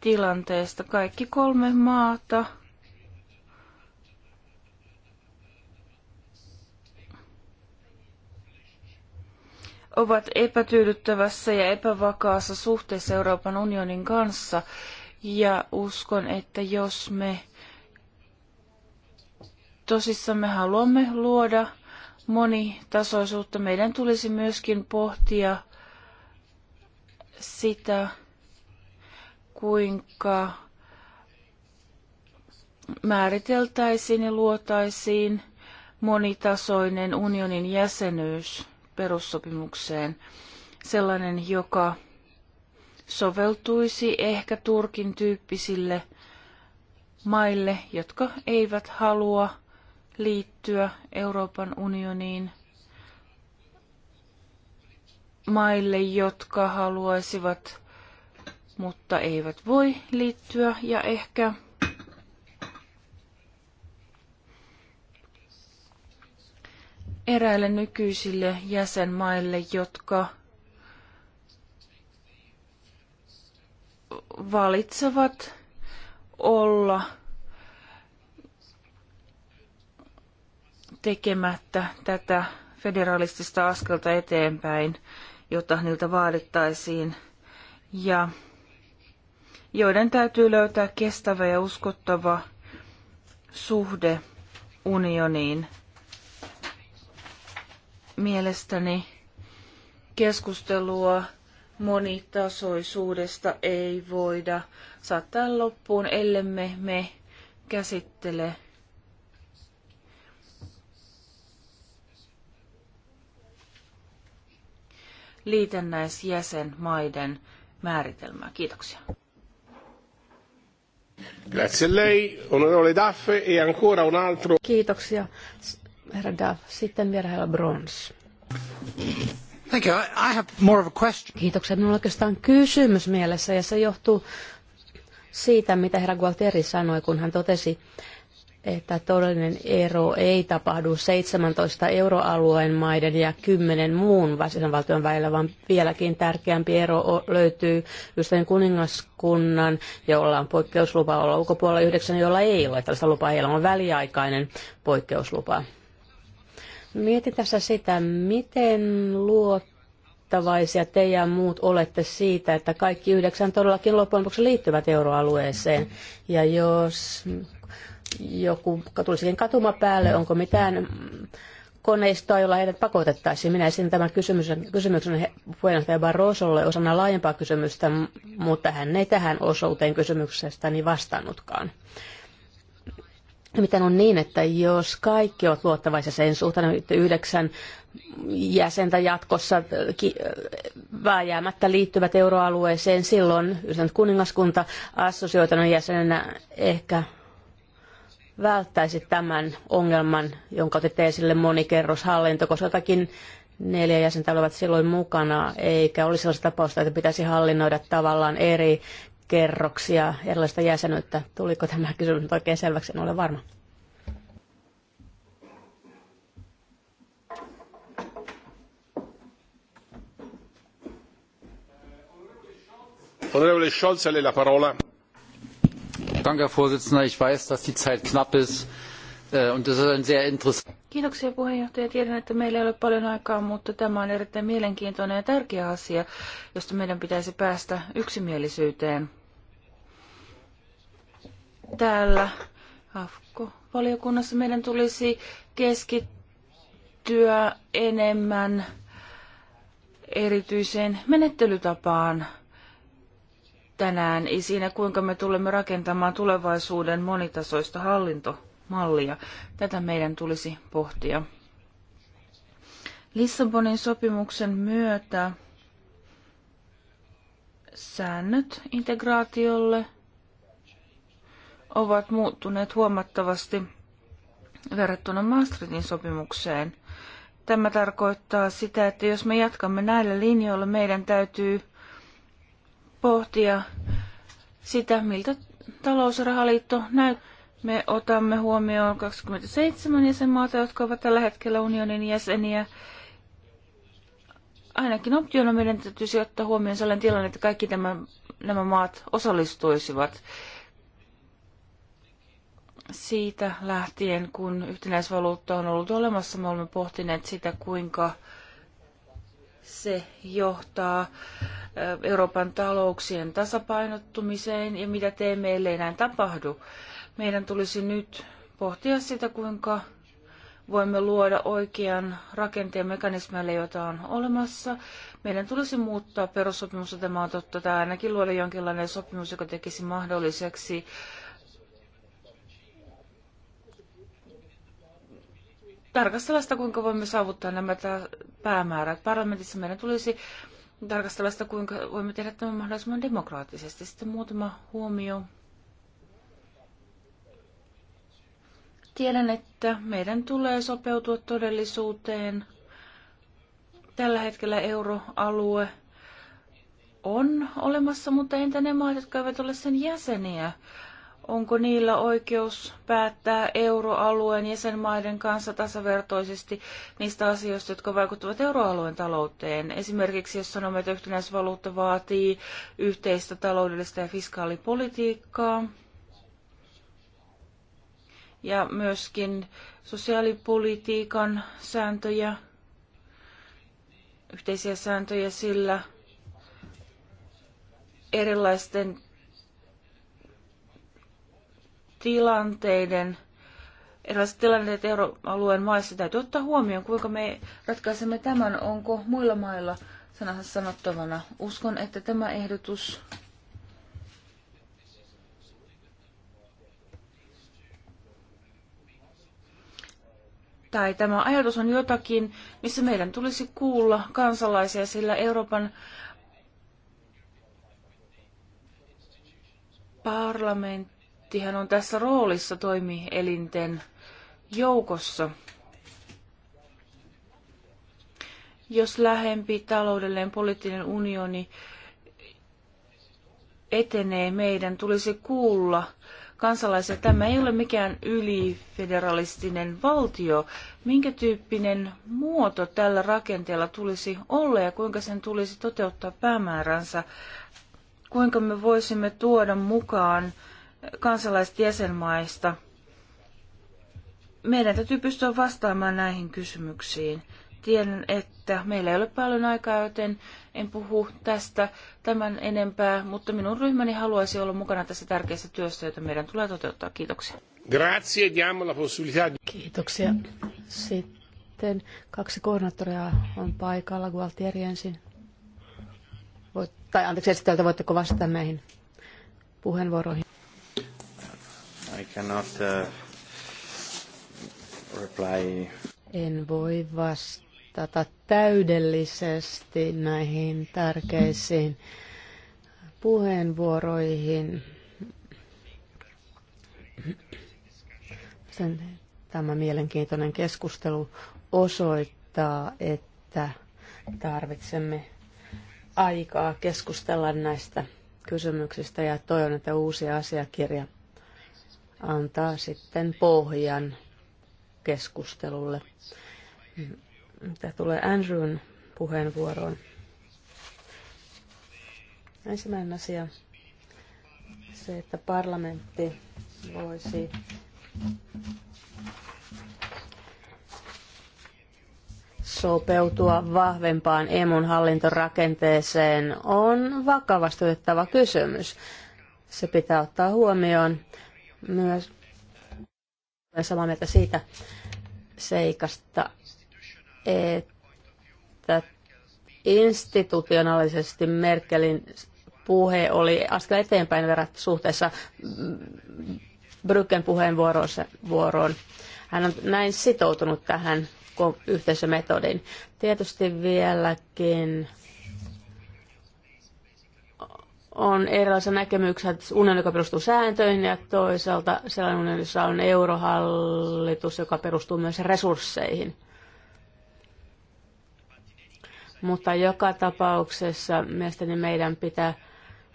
tilanteesta. Kaikki kolme maata – ovat epätyydyttävässä ja epävakaassa suhteessa Euroopan unionin kanssa. Ja uskon, että jos me tosissamme haluamme luoda monitasoisuutta, meidän tulisi myöskin pohtia sitä, kuinka määriteltäisiin ja luotaisiin monitasoinen unionin jäsenyys perussopimukseen. Sellainen, joka soveltuisi ehkä Turkin tyyppisille maille, jotka eivät halua liittyä Euroopan unioniin, maille, jotka haluaisivat, mutta eivät voi liittyä, ja ehkä eräille nykyisille jäsenmaille, jotka valitsevat olla tekemättä tätä federalistista askelta eteenpäin, jota niiltä vaadittaisiin, ja joiden täytyy löytää kestävä ja uskottava suhde unioniin – mielestäni keskustelua monitasoisuudesta ei voida saattaa loppuun, ellemme me käsittele liitännäisjäsenmaiden määritelmää. Kiitoksia. Grazie lei, onorevole Daffe, e ancora un altro... Kiitoksia herra Sitten vielä herra Brons. Thank you. I have more of a question. Kiitoksia. Minulla on oikeastaan kysymys mielessä ja se johtuu siitä, mitä herra Gualtieri sanoi, kun hän totesi, että todellinen ero ei tapahdu 17 euroalueen maiden ja 10 muun valtion välillä, vaan vieläkin tärkeämpi ero löytyy ystävien kuningaskunnan, jolla on poikkeuslupa olla ulkopuolella yhdeksän, jolla ei ole tällaista lupaa, heillä on väliaikainen poikkeuslupa. Mietin tässä sitä, miten luottavaisia te ja muut olette siitä, että kaikki yhdeksän todellakin loppujen lopuksi liittyvät euroalueeseen. Ja jos joku tulisikin katuma päälle, onko mitään koneistoa, jolla heidät pakotettaisiin. Minä esitin tämän kysymyksen, kysymyksen puheenjohtaja Barrosolle osana laajempaa kysymystä, mutta hän ei tähän osuuteen kysymyksestäni vastannutkaan. Miten on niin, että jos kaikki ovat luottavaisia sen suhteen, että yhdeksän jäsentä jatkossa äh, äh, vääjäämättä liittyvät euroalueeseen, silloin yhdessä kuningaskunta assosioitunut jäsenenä ehkä välttäisi tämän ongelman, jonka otitte esille monikerroshallinto, koska jotakin neljä jäsentä olivat silloin mukana, eikä olisi sellaista tapausta, että pitäisi hallinnoida tavallaan eri kerroksia, erilaista jäsenyyttä. Tuliko tämä kysymys oikein selväksi? En ole varma. Honorable Scholz, la parola. Danke, Herr Vorsitzender. Ich weiß, dass die Zeit knapp ist. Äh, und das ist ein sehr interessantes... Kiitoksia puheenjohtaja. Tiedän, että meillä ei ole paljon aikaa, mutta tämä on erittäin mielenkiintoinen ja tärkeä asia, josta meidän pitäisi päästä yksimielisyyteen täällä AFKO-valiokunnassa meidän tulisi keskittyä enemmän erityiseen menettelytapaan tänään, ei siinä kuinka me tulemme rakentamaan tulevaisuuden monitasoista hallintomallia. Tätä meidän tulisi pohtia. Lissabonin sopimuksen myötä säännöt integraatiolle – ovat muuttuneet huomattavasti verrattuna Maastrichtin sopimukseen. Tämä tarkoittaa sitä, että jos me jatkamme näillä linjoilla, meidän täytyy pohtia sitä, miltä talousrahaliitto näyttää. Me otamme huomioon 27 jäsenmaata, jotka ovat tällä hetkellä unionin jäseniä. Ainakin optiona meidän täytyisi ottaa huomioon sellainen tilanne, että kaikki nämä nämä maat osallistuisivat siitä lähtien, kun yhtenäisvaluutta on ollut olemassa, me olemme pohtineet sitä, kuinka se johtaa Euroopan talouksien tasapainottumiseen ja mitä teemme, ellei näin tapahdu. Meidän tulisi nyt pohtia sitä, kuinka voimme luoda oikean rakenteen mekanismeille, joita on olemassa. Meidän tulisi muuttaa perussopimusta, tämä on totta, tai ainakin luoda jonkinlainen sopimus, joka tekisi mahdolliseksi tarkastella sitä, kuinka voimme saavuttaa nämä päämäärät. Parlamentissa meidän tulisi tarkastella sitä, kuinka voimme tehdä tämän mahdollisimman demokraattisesti. Sitten muutama huomio. Tiedän, että meidän tulee sopeutua todellisuuteen. Tällä hetkellä euroalue on olemassa, mutta entä ne maat, jotka eivät ole sen jäseniä? onko niillä oikeus päättää euroalueen jäsenmaiden kanssa tasavertoisesti niistä asioista, jotka vaikuttavat euroalueen talouteen. Esimerkiksi jos sanomme, että yhtenäisvaluutta vaatii yhteistä taloudellista ja fiskaalipolitiikkaa ja myöskin sosiaalipolitiikan sääntöjä, yhteisiä sääntöjä sillä erilaisten tilanteiden, erilaiset tilanteet euroalueen maissa täytyy ottaa huomioon, kuinka me ratkaisemme tämän, onko muilla mailla sanansa sanottavana. Uskon, että tämä ehdotus tai tämä ajatus on jotakin, missä meidän tulisi kuulla kansalaisia, sillä Euroopan parlamentti parlamenttihan on tässä roolissa toimielinten joukossa. Jos lähempi taloudellinen poliittinen unioni etenee, meidän tulisi kuulla kansalaisia. Tämä ei ole mikään ylifederalistinen valtio. Minkä tyyppinen muoto tällä rakenteella tulisi olla ja kuinka sen tulisi toteuttaa päämääränsä? Kuinka me voisimme tuoda mukaan kansalaiset jäsenmaista. Meidän täytyy pystyä vastaamaan näihin kysymyksiin. Tiedän, että meillä ei ole paljon aikaa, joten en puhu tästä tämän enempää, mutta minun ryhmäni haluaisi olla mukana tässä tärkeässä työssä, jota meidän tulee toteuttaa. Kiitoksia. Grazie, diamo la possibilità. Kiitoksia. Sitten kaksi koordinaattoria on paikalla. Gualtieri ensin. Voit, tai anteeksi, esitteltä voitteko vastata näihin puheenvuoroihin? I cannot uh, reply. En voi vastata täydellisesti näihin tärkeisiin puheenvuoroihin. Sen, tämä mielenkiintoinen keskustelu osoittaa, että tarvitsemme aikaa keskustella näistä kysymyksistä ja toivon, että uusi asiakirja antaa sitten pohjan keskustelulle. Mitä tulee Andrewn puheenvuoroon. Ensimmäinen asia se, että parlamentti voisi sopeutua vahvempaan emun hallintorakenteeseen on vakavasti otettava kysymys. Se pitää ottaa huomioon myös olen samaa mieltä siitä seikasta, että institutionaalisesti Merkelin puhe oli askel eteenpäin verrat suhteessa Brücken puheenvuoroon. Hän on näin sitoutunut tähän yhteisömetodin. Tietysti vieläkin on erilaisia näkemyksiä, että unioni, joka perustuu sääntöihin, ja toisaalta sellainen unioni, jossa on eurohallitus, joka perustuu myös resursseihin. Mutta joka tapauksessa mielestäni meidän pitää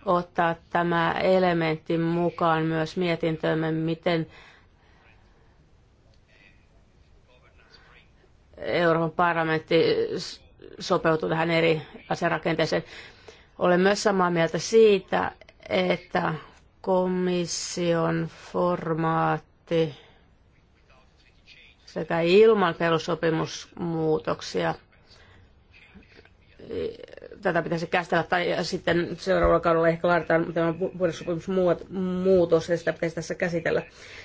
ottaa tämä elementti mukaan myös mietintöömme, miten Euroopan parlamentti sopeutuu tähän eri asiarakenteeseen. Olen myös samaa mieltä siitä, että komission formaatti sekä ilman perussopimusmuutoksia tätä pitäisi käsitellä, tai sitten seuraavalla kaudella ehkä laaditaan tämä perussopimusmuutos, ja sitä pitäisi tässä käsitellä.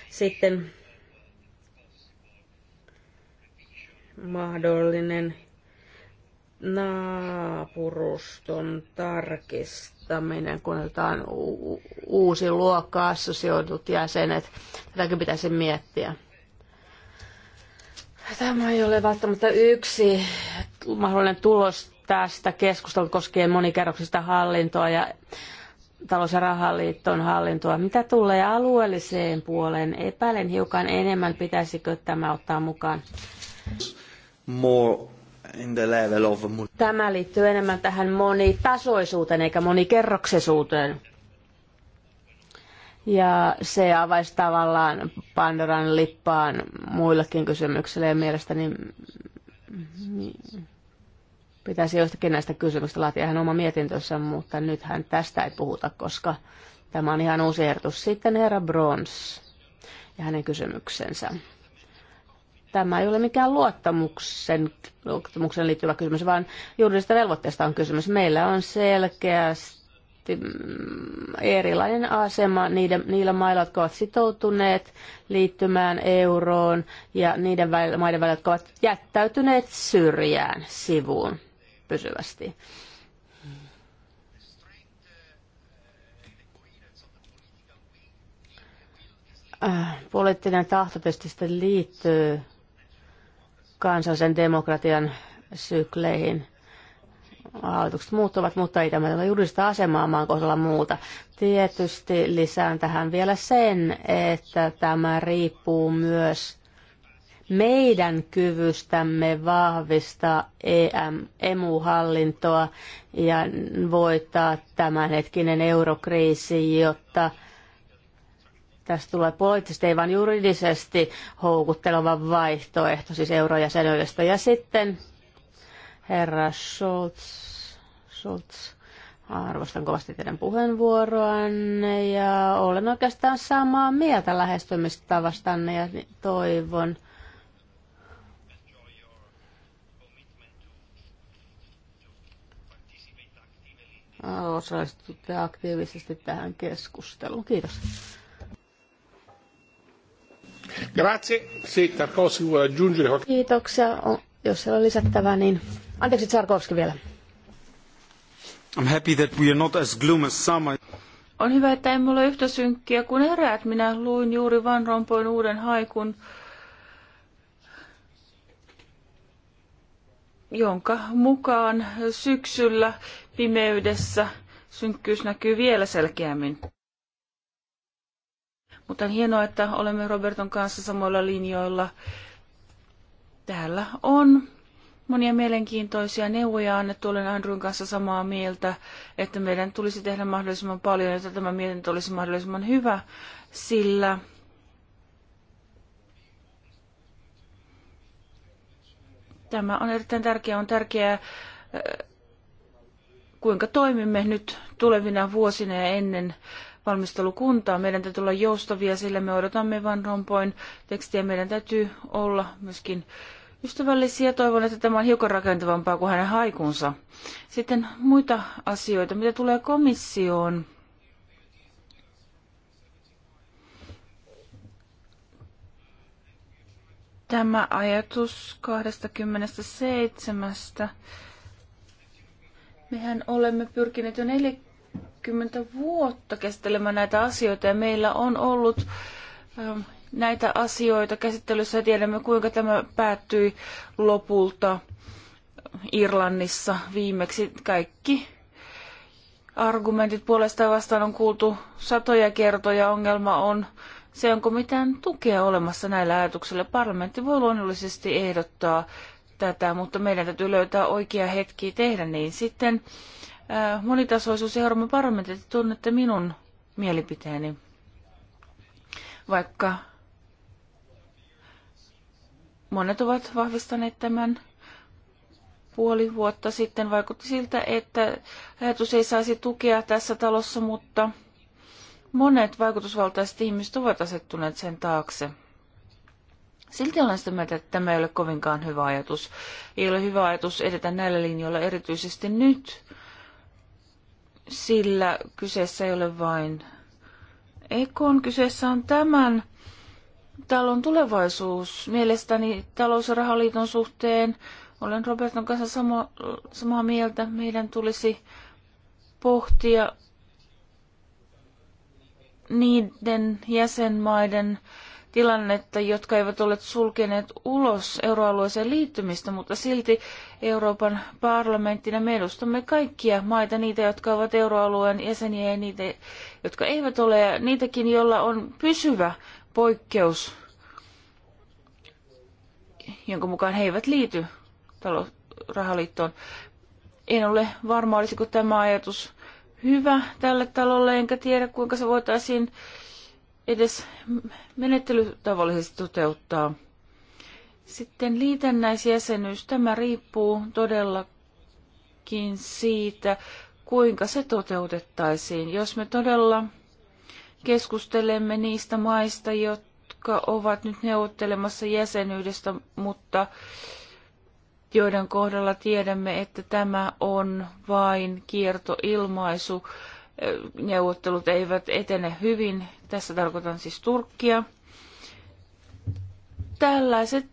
Sitten mahdollinen naapuruston tarkistaminen, kun otetaan uusi luokka, assosioidut jäsenet. Tätäkin pitäisi miettiä. Tämä ei ole välttämättä yksi mahdollinen tulos tästä keskustelusta koskien monikerroksista hallintoa ja talous- ja rahaliiton hallintoa. Mitä tulee alueelliseen puoleen, epäilen hiukan enemmän, pitäisikö tämä ottaa mukaan. More Tämä liittyy enemmän tähän monitasoisuuteen eikä monikerroksisuuteen. Ja se avaisi tavallaan Pandoran lippaan muillekin kysymyksille ja mielestäni pitäisi joistakin näistä kysymyksistä laatia ihan oma mietintössä, mutta nythän tästä ei puhuta, koska tämä on ihan uusi ehdotus. Sitten herra Brons ja hänen kysymyksensä tämä ei ole mikään luottamuksen, luottamuksen liittyvä kysymys, vaan juridisesta velvoitteesta on kysymys. Meillä on selkeästi mm, erilainen asema niiden, niillä mailla, jotka ovat sitoutuneet liittymään euroon ja niiden väl, maiden välillä, jotka ovat jättäytyneet syrjään sivuun pysyvästi. Äh, poliittinen tahto tietysti liittyy kansallisen demokratian sykleihin. Hallitukset muuttuvat, mutta ei tämä ole juridista asemaa maan kohdalla muuta. Tietysti lisään tähän vielä sen, että tämä riippuu myös meidän kyvystämme vahvistaa EM, e hallintoa ja voittaa tämänhetkinen eurokriisi, jotta – Tästä tulee poliittisesti, ei vain juridisesti houkutteleva vaihtoehto, siis eurojäsenyydestä. Ja sitten herra Schultz, Schultz. Arvostan kovasti teidän puheenvuoroanne ja olen oikeastaan samaa mieltä lähestymistavastanne ja toivon. Osallistutte aktiivisesti tähän keskusteluun. Kiitos. Grazie. Se Tarkovski vuole aggiungere qualcosa. Kiitoksia. Jos siellä on lisättävää, niin... Anteeksi, Tarkovski vielä. I'm happy that we are not as gloom as some. On hyvä, että emme ole yhtä synkkiä kuin eräät. Minä luin juuri Van Rompuyn uuden haikun, jonka mukaan syksyllä pimeydessä synkkyys näkyy vielä selkeämmin. Mutta on hienoa, että olemme Roberton kanssa samoilla linjoilla. Täällä on monia mielenkiintoisia neuvoja annettu. Olen Andrewn kanssa samaa mieltä, että meidän tulisi tehdä mahdollisimman paljon, jotta tämä mietintö olisi mahdollisimman hyvä, sillä tämä on erittäin tärkeää. On tärkeää, äh, kuinka toimimme nyt tulevina vuosina ja ennen valmistelukuntaa. Meidän täytyy olla joustavia, sillä me odotamme Van Rompoin tekstiä. Meidän täytyy olla myöskin ystävällisiä. Toivon, että tämä on hiukan rakentavampaa kuin hänen haikunsa. Sitten muita asioita, mitä tulee komissioon. Tämä ajatus 27. Mehän olemme pyrkineet jo 40 20 vuotta käsittelemään näitä asioita ja meillä on ollut ähm, näitä asioita käsittelyssä ja tiedämme kuinka tämä päättyi lopulta Irlannissa viimeksi. Kaikki argumentit puolesta ja vastaan on kuultu satoja kertoja. Ongelma on se, onko mitään tukea olemassa näillä ajatuksilla. Parlamentti voi luonnollisesti ehdottaa tätä, mutta meidän täytyy löytää oikea hetki tehdä niin. Sitten Äh, monitasoisuus Euroopan parlamentilta tunnette minun mielipiteeni, vaikka monet ovat vahvistaneet tämän puoli vuotta sitten. Vaikutti siltä, että ajatus ei saisi tukea tässä talossa, mutta monet vaikutusvaltaiset ihmiset ovat asettuneet sen taakse. Silti olen sitä mieltä, että tämä ei ole kovinkaan hyvä ajatus. Ei ole hyvä ajatus edetä näillä linjoilla erityisesti nyt, sillä kyseessä ei ole vain Ekon, kyseessä on tämän talon tulevaisuus. Mielestäni talous- ja rahaliiton suhteen olen Roberton kanssa sama, samaa mieltä. Meidän tulisi pohtia niiden jäsenmaiden tilannetta, jotka eivät ole sulkeneet ulos euroalueeseen liittymistä, mutta silti Euroopan parlamenttina me edustamme kaikkia maita, niitä, jotka ovat euroalueen jäseniä ja niitä, jotka eivät ole, ja niitäkin, joilla on pysyvä poikkeus, jonka mukaan he eivät liity talous- rahaliittoon. En ole varma, olisiko tämä ajatus hyvä tälle talolle, enkä tiedä kuinka se voitaisiin edes menettelytavallisesti toteuttaa. Sitten liitännäisjäsenyys, tämä riippuu todellakin siitä, kuinka se toteutettaisiin. Jos me todella keskustelemme niistä maista, jotka ovat nyt neuvottelemassa jäsenyydestä, mutta joiden kohdalla tiedämme, että tämä on vain kiertoilmaisu, neuvottelut eivät etene hyvin. Tässä tarkoitan siis Turkkia. Tällaiset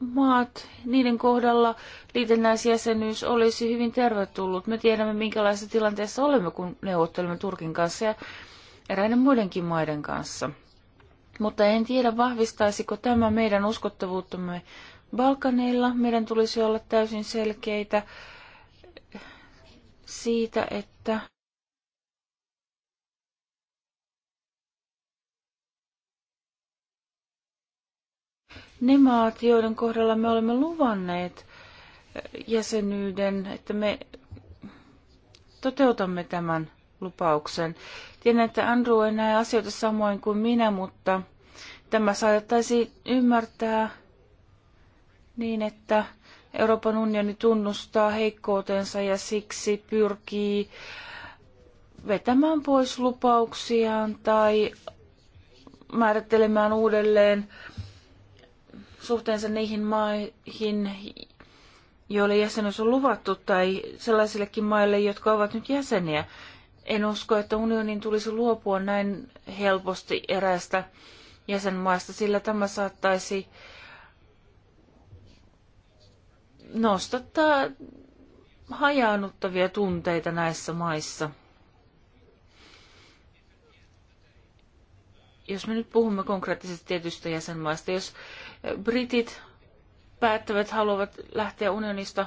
maat, niiden kohdalla liitännäisjäsenyys olisi hyvin tervetullut. Me tiedämme, minkälaisessa tilanteessa olemme, kun neuvottelemme Turkin kanssa ja eräiden muidenkin maiden kanssa. Mutta en tiedä, vahvistaisiko tämä meidän uskottavuuttamme Balkaneilla. Meidän tulisi olla täysin selkeitä siitä, että ne maat, joiden kohdalla me olemme luvanneet jäsenyyden, että me toteutamme tämän lupauksen. Tiedän, että Andrew ei näe asioita samoin kuin minä, mutta tämä saattaisi ymmärtää niin, että Euroopan unioni tunnustaa heikkoutensa ja siksi pyrkii vetämään pois lupauksiaan tai määrittelemään uudelleen suhteensa niihin maihin, joille jäsenyys on luvattu, tai sellaisillekin maille, jotka ovat nyt jäseniä. En usko, että unionin tulisi luopua näin helposti eräästä jäsenmaasta, sillä tämä saattaisi nostattaa hajaannuttavia tunteita näissä maissa. Jos me nyt puhumme konkreettisesti tietystä jäsenmaista, jos britit päättävät, haluavat lähteä unionista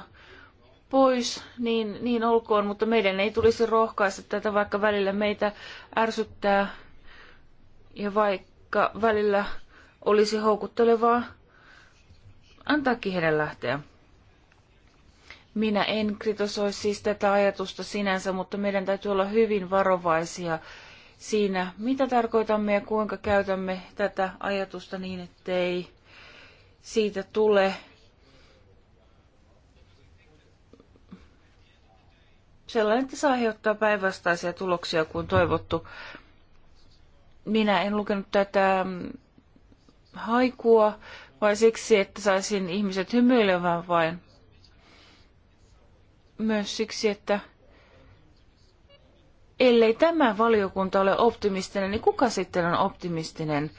pois, niin, niin olkoon, mutta meidän ei tulisi rohkaista tätä, vaikka välillä meitä ärsyttää ja vaikka välillä olisi houkuttelevaa antaakin heidän lähteä. Minä en kritisoi siis tätä ajatusta sinänsä, mutta meidän täytyy olla hyvin varovaisia siinä, mitä tarkoitamme ja kuinka käytämme tätä ajatusta niin, ettei siitä tule sellainen, että se aiheuttaa päinvastaisia tuloksia kuin toivottu. Minä en lukenut tätä mm, haikua, vai siksi, että saisin ihmiset hymyilemään vain. Myös siksi, että ellei tämä valiokunta ole optimistinen, niin kuka sitten on optimistinen?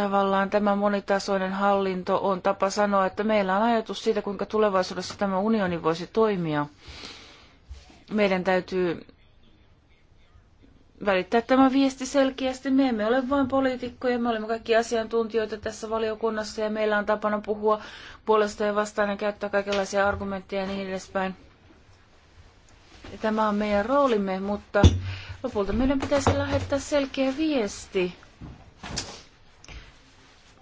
tavallaan tämä monitasoinen hallinto on tapa sanoa, että meillä on ajatus siitä, kuinka tulevaisuudessa tämä unioni voisi toimia. Meidän täytyy välittää tämä viesti selkeästi. Me emme ole vain poliitikkoja, me olemme kaikki asiantuntijoita tässä valiokunnassa ja meillä on tapana puhua puolesta ja vastaan ja käyttää kaikenlaisia argumentteja ja niin edespäin. Ja tämä on meidän roolimme, mutta lopulta meidän pitäisi lähettää selkeä viesti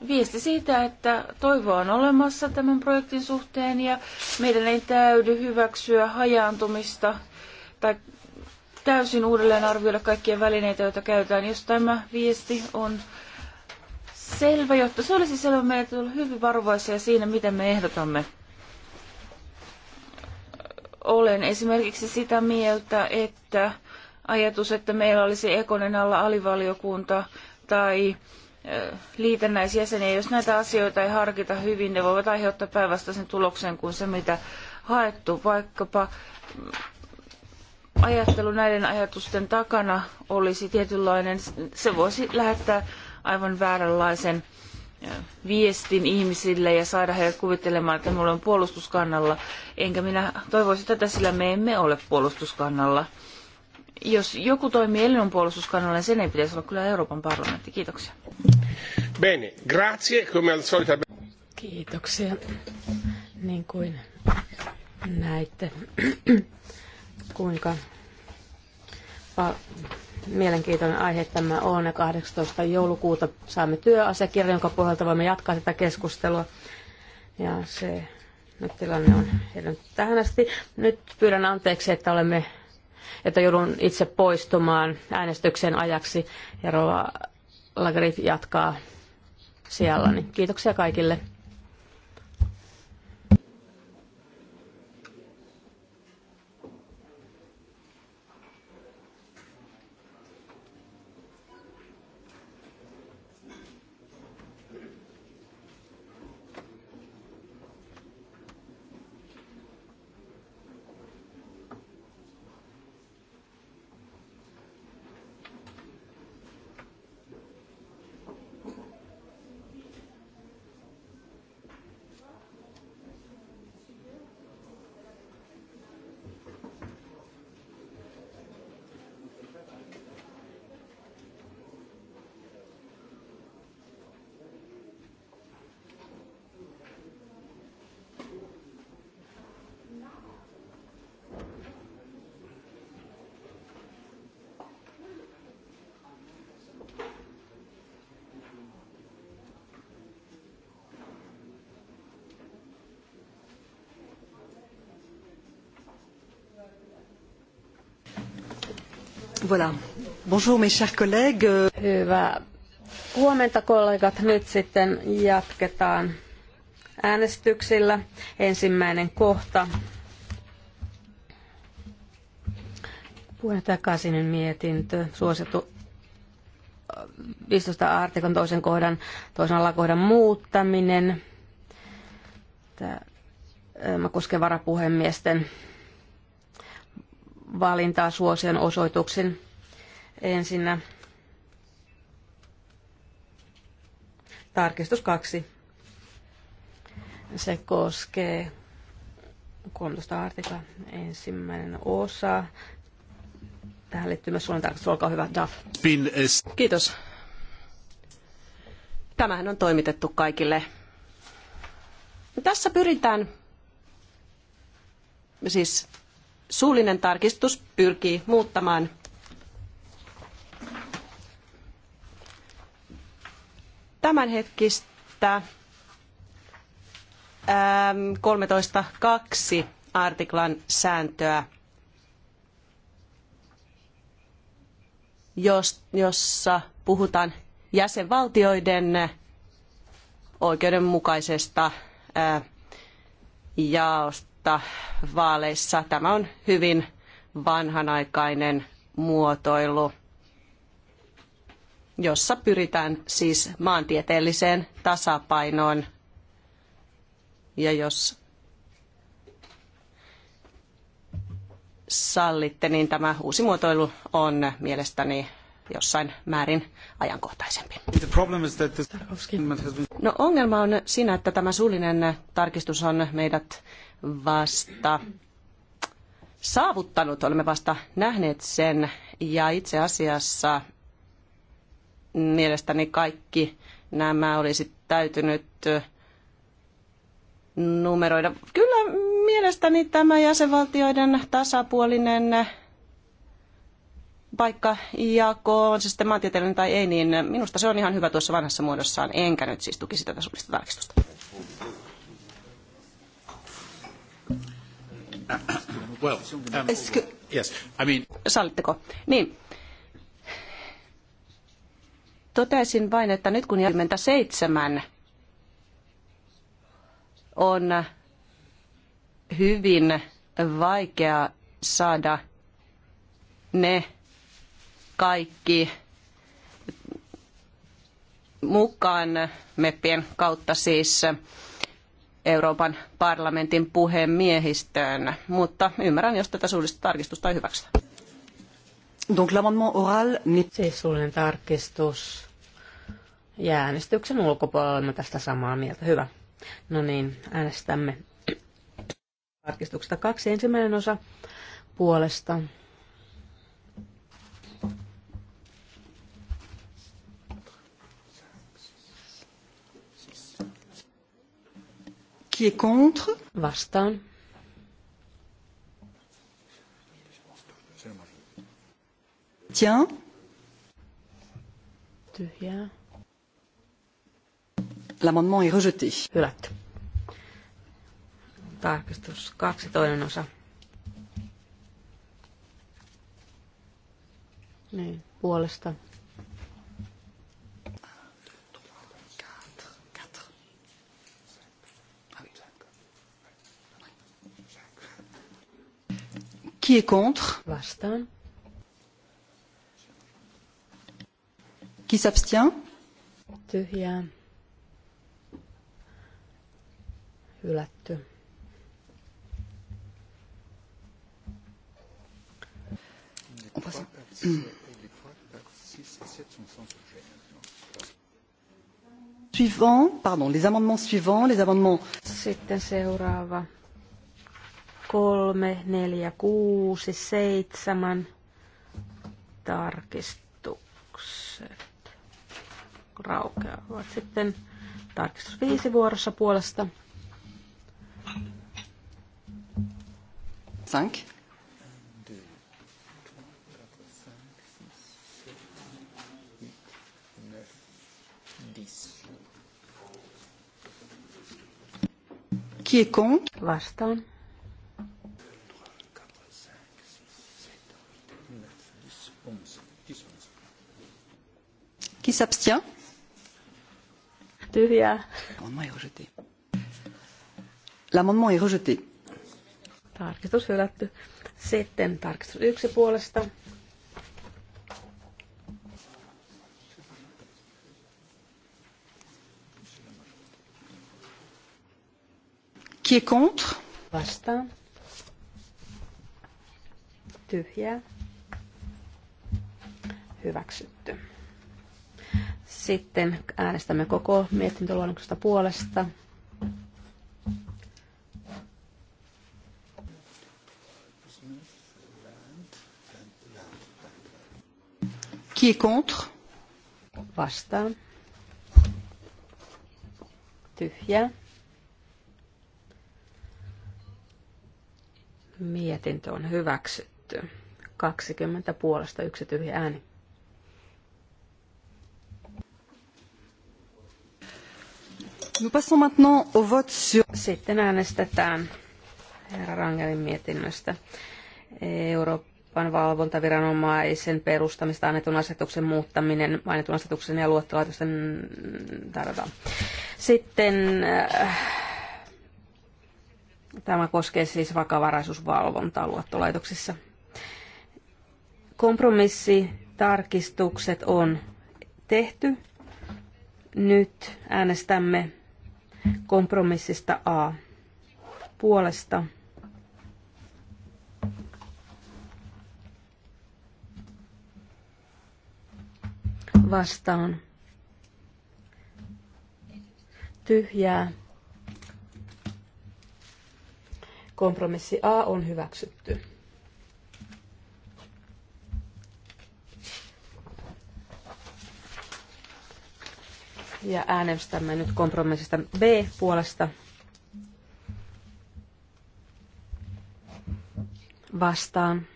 viesti siitä, että toivo on olemassa tämän projektin suhteen ja meidän ei täydy hyväksyä hajaantumista tai täysin uudelleen arvioida kaikkia välineitä, joita käytetään, jos tämä viesti on selvä, jotta se olisi selvä, meidän tulee hyvin varovaisia siinä, mitä me ehdotamme. Olen esimerkiksi sitä mieltä, että ajatus, että meillä olisi Ekonen alla alivaliokunta tai liitännäisjäseniä. Jos näitä asioita ei harkita hyvin, ne voivat aiheuttaa päinvastaisen tuloksen kuin se, mitä haettu. Vaikkapa mm, ajattelu näiden ajatusten takana olisi tietynlainen, se voisi lähettää aivan vääränlaisen viestin ihmisille ja saada heidät kuvittelemaan, että me olemme puolustuskannalla. Enkä minä toivoisi tätä, sillä me emme ole puolustuskannalla jos joku toimii elinpuolustuskannalla, sen ei pitäisi olla kyllä Euroopan parlamentti. Kiitoksia. Bene, grazie, come al solito. Kiitoksia. Niin kuin näitte, kuinka mielenkiintoinen aihe tämä on. 18. joulukuuta saamme työasiakirjan, jonka pohjalta voimme jatkaa tätä keskustelua. Ja se nyt tilanne on edennyt tähän asti. Nyt pyydän anteeksi, että olemme että joudun itse poistumaan äänestyksen ajaksi. Ja Rova Lagrit jatkaa sielläni. Kiitoksia kaikille. Hyvää huomenta kollegat. Nyt sitten jatketaan äänestyksillä. Ensimmäinen kohta. Puheenjohtaja Kasinen mietintö, suosittu 15 äh, artikon toisen kohdan, toisen alakohdan muuttaminen. Tämä äh, koskee varapuhemiesten valintaa suosion osoituksen ensinnä. Tarkistus kaksi. Se koskee 13 artikla ensimmäinen osa. Tähän liittyy myös suunnitelma. Olkaa hyvä, Duff. Kiitos. Tämähän on toimitettu kaikille. Tässä pyritään, siis Suullinen tarkistus pyrkii muuttamaan tämänhetkistä 13.2 ähm, artiklan sääntöä, jossa puhutaan jäsenvaltioiden oikeudenmukaisesta äh, jaosta ehdokkuutta vaaleissa. Tämä on hyvin vanhanaikainen muotoilu, jossa pyritään siis maantieteelliseen tasapainoon. Ja jos sallitte, niin tämä uusi muotoilu on mielestäni jossain määrin ajankohtaisempi. No ongelma on siinä, että tämä suullinen tarkistus on meidät vasta saavuttanut, olemme vasta nähneet sen ja itse asiassa mielestäni kaikki nämä olisi täytynyt eh, numeroida. Kyllä mielestäni tämä jäsenvaltioiden tasapuolinen paikkajako, on se sitten maantieteellinen tai ei, niin minusta se on ihan hyvä tuossa vanhassa muodossaan, enkä nyt siis tukisi tätä suullista tarkistusta. well, um, Sallitteko? Niin. Totesin vain, että nyt kun 47 on hyvin vaikea saada ne kaikki mukaan meppien kautta siis Euroopan parlamentin puhemiehistöön, mutta ymmärrän, jos tätä suullista tarkistusta ei hyväksytä. Donc l'amendement oral n'est... Siis suullinen tarkistus ja äänestyksen ulkopuolella olemme tästä samaa mieltä. Hyvä. No niin, äänestämme tarkistuksesta kaksi ensimmäinen osa puolesta Qui est contre? Vastaan. Tiens. Tyhjää. L'amendement est rejeté. Hylätty. Tarkistus kaksi toinen osa. Niin, puolesta Qui est contre? Vastaan. Qui s'abstient? Suivant, pardon, les amendements suivants, les amendements. Sitten seuraava kolme, neljä, kuusi, seitsemän tarkistukset raukeavat. Sitten tarkistus viisi vuorossa puolesta. Sank. Qui est contre? Vastaan. s'abstient Tyhjää. L'amendement est rejeté. L'amendement est rejeté. Tarkistus hylätty. Sitten tarkistus yksi puolesta. Qui est contre? Vastaan. Tyhjää. Hyväksytty. Sitten äänestämme koko mietintöluonnoksesta puolesta. Qui est contre? Vastaan. Tyhjä. Mietintö on hyväksytty. 20 puolesta yksi tyhjä ääni. Sitten äänestetään herra Rangelin mietinnöstä Euroopan valvontaviranomaisen perustamista annetun asetuksen muuttaminen mainitun asetuksen ja luottolaitosten tarvitaan. Sitten äh, tämä koskee siis vakavaraisuusvalvontaa luottolaitoksissa. Kompromissitarkistukset on tehty nyt äänestämme kompromissista A puolesta. Vastaan. Tyhjää. Kompromissi A on hyväksytty. Ja äänestämme nyt kompromissista B puolesta vastaan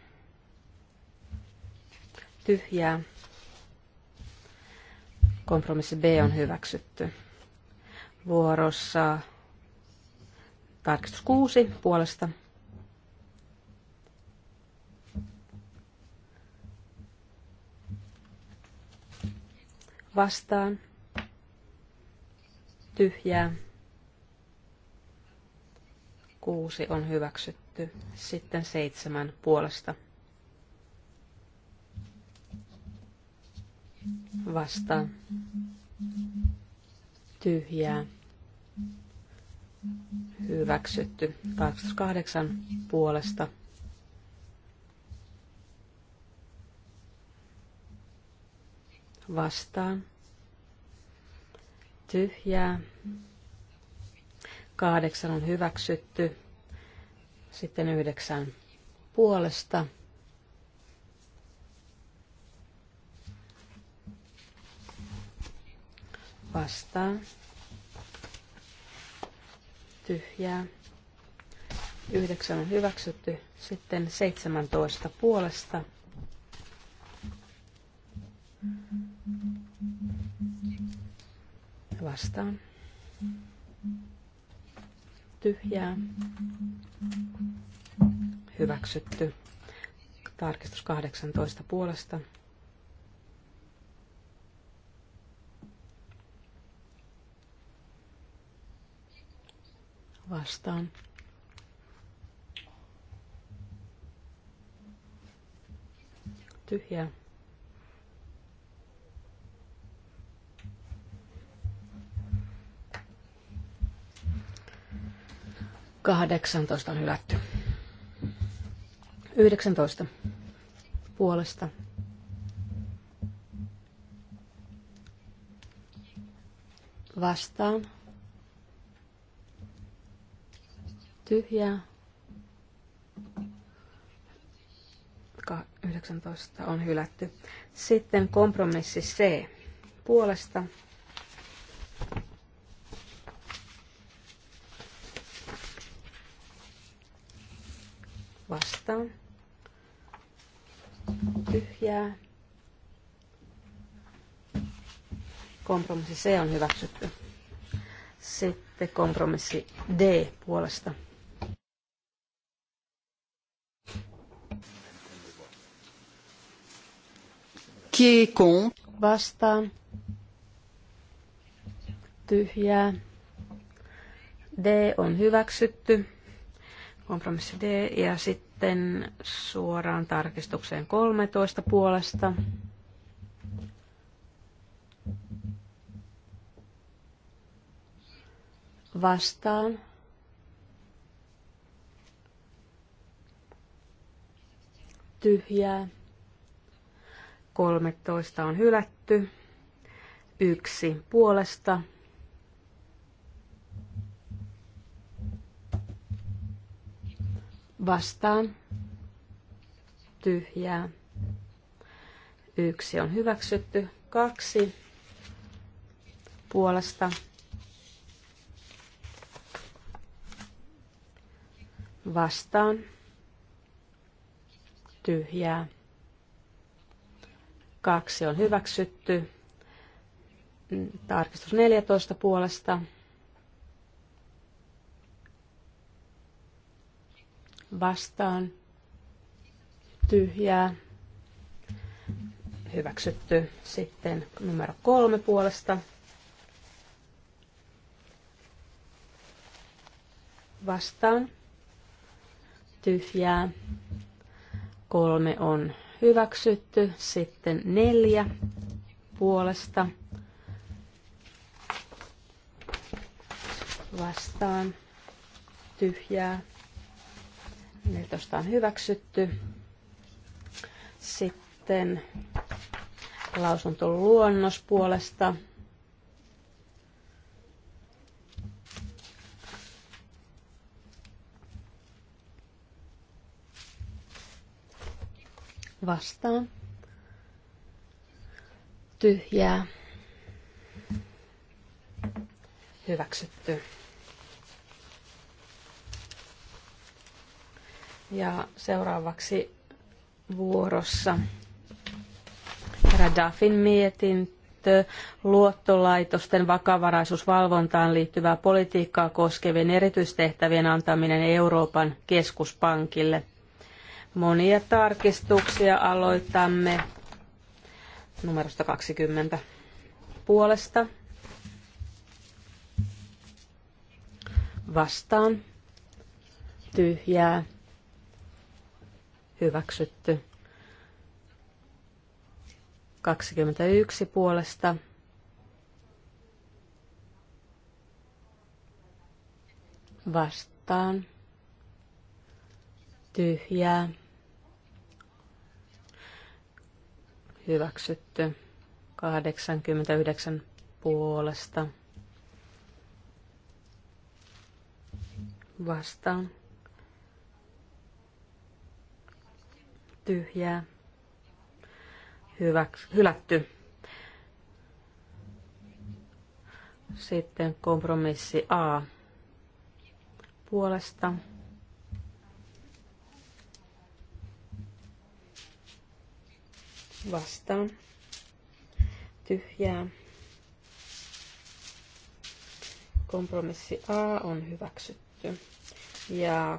tyhjää. Kompromissi B on hyväksytty. Vuorossa tarkistus 6 puolesta. Vastaan tyhjää. Kuusi on hyväksytty. Sitten seitsemän puolesta. Vastaan. Tyhjää. Hyväksytty. 28 puolesta. Vastaan tyhjää. Kahdeksan on hyväksytty. Sitten yhdeksän puolesta. Vastaan. Tyhjää. Yhdeksän on hyväksytty. Sitten seitsemäntoista puolesta. vastaan. Tyhjää. Hyväksytty. Tarkistus 18 puolesta. Vastaan. Tyhjää 18 on hylätty. 19 puolesta. Vastaan. Tyhjää. 19 on hylätty. Sitten kompromissi C puolesta vastaan. Tyhjää. Kompromissi C on hyväksytty. Sitten kompromissi D puolesta. kiikon Vastaan. Tyhjää. D on hyväksytty. Kompromissi D ja sitten suoraan tarkistukseen 13 puolesta. Vastaan. Tyhjää. 13 on hylätty. Yksi puolesta vastaan tyhjää. Yksi on hyväksytty. Kaksi puolesta vastaan tyhjää. Kaksi on hyväksytty. Tarkistus 14 puolesta vastaan tyhjää hyväksytty. Sitten numero kolme puolesta vastaan tyhjää. Kolme on hyväksytty. Sitten neljä puolesta vastaan tyhjää 14 on hyväksytty. Sitten lausunto luonnos puolesta. Vastaan. Tyhjää. Hyväksytty. Ja seuraavaksi vuorossa Radafin mietintö luottolaitosten vakavaraisuusvalvontaan liittyvää politiikkaa koskevien erityistehtävien antaminen Euroopan keskuspankille. Monia tarkistuksia aloitamme numerosta 20 puolesta vastaan tyhjää hyväksytty. 21 puolesta vastaan tyhjää hyväksytty 89 puolesta vastaan tyhjää, hyväks, hylätty. Sitten kompromissi A puolesta. Vastaan. Tyhjää. Kompromissi A on hyväksytty. Ja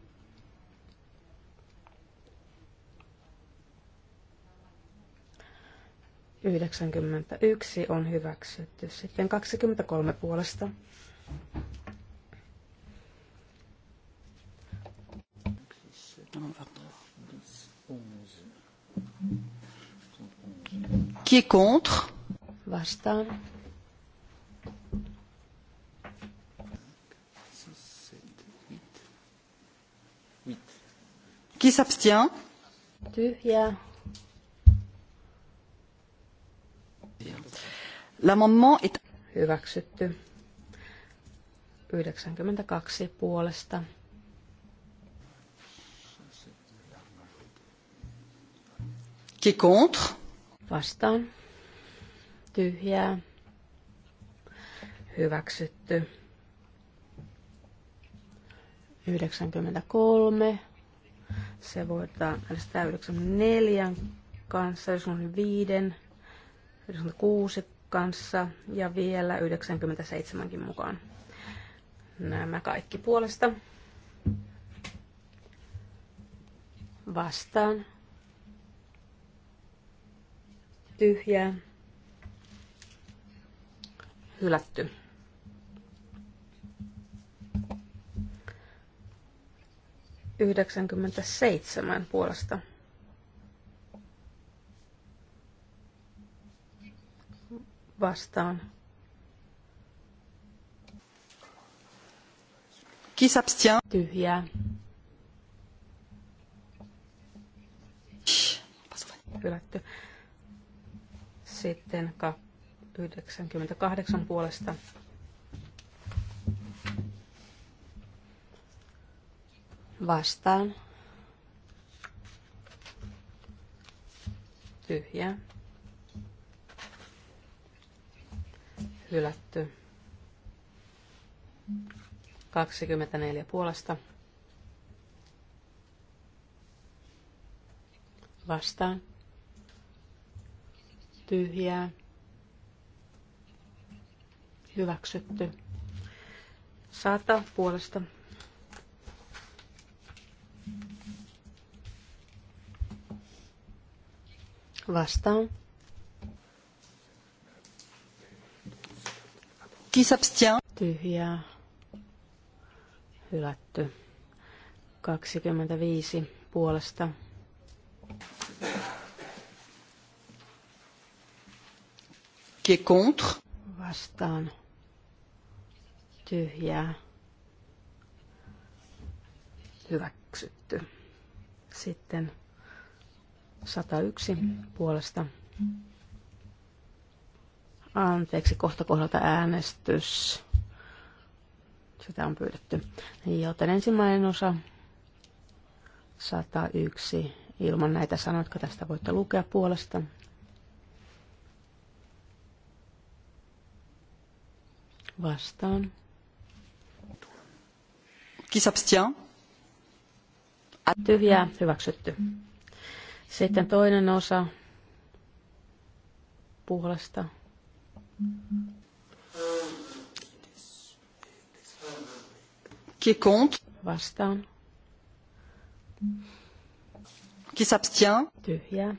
91 on hyväksytty. Sitten 23 puolesta. Qui est contre Vastaan. Qui s'abstient Tyhjää L'amendement est... Hyväksytty. 92 puolesta. Qui contre? Vastaan. Tyhjää. Hyväksytty. 93. Se voidaan äänestää 94 kanssa, jos on 5, 96 kanssa ja vielä 97kin mukaan. Nämä kaikki puolesta. Vastaan. Tyhjää. Hylätty. seitsemän puolesta vastaan. Qui s'abstient? Tyhjää. Hylätty. Sitten 98 puolesta vastaan. Tyhjää. hylätty. 24 puolesta. Vastaan. Tyhjää. Hyväksytty. Sata puolesta. Vastaan. Qui s'abstient? Tyhjää. Hylätty. 25 puolesta. Qui est contre? Vastaan. Tyhjää. Hyväksytty. Sitten 101 puolesta. Mm Anteeksi, kohta kohdalta äänestys. Sitä on pyydetty. Joten ensimmäinen osa 101 ilman näitä sanoja, jotka tästä voitte lukea puolesta. Vastaan. Qui s'abstient? Tyhjää, hyväksytty. Sitten toinen osa puolesta Qui est contre? Vastaan. Qui s'abstient? Tyhjää.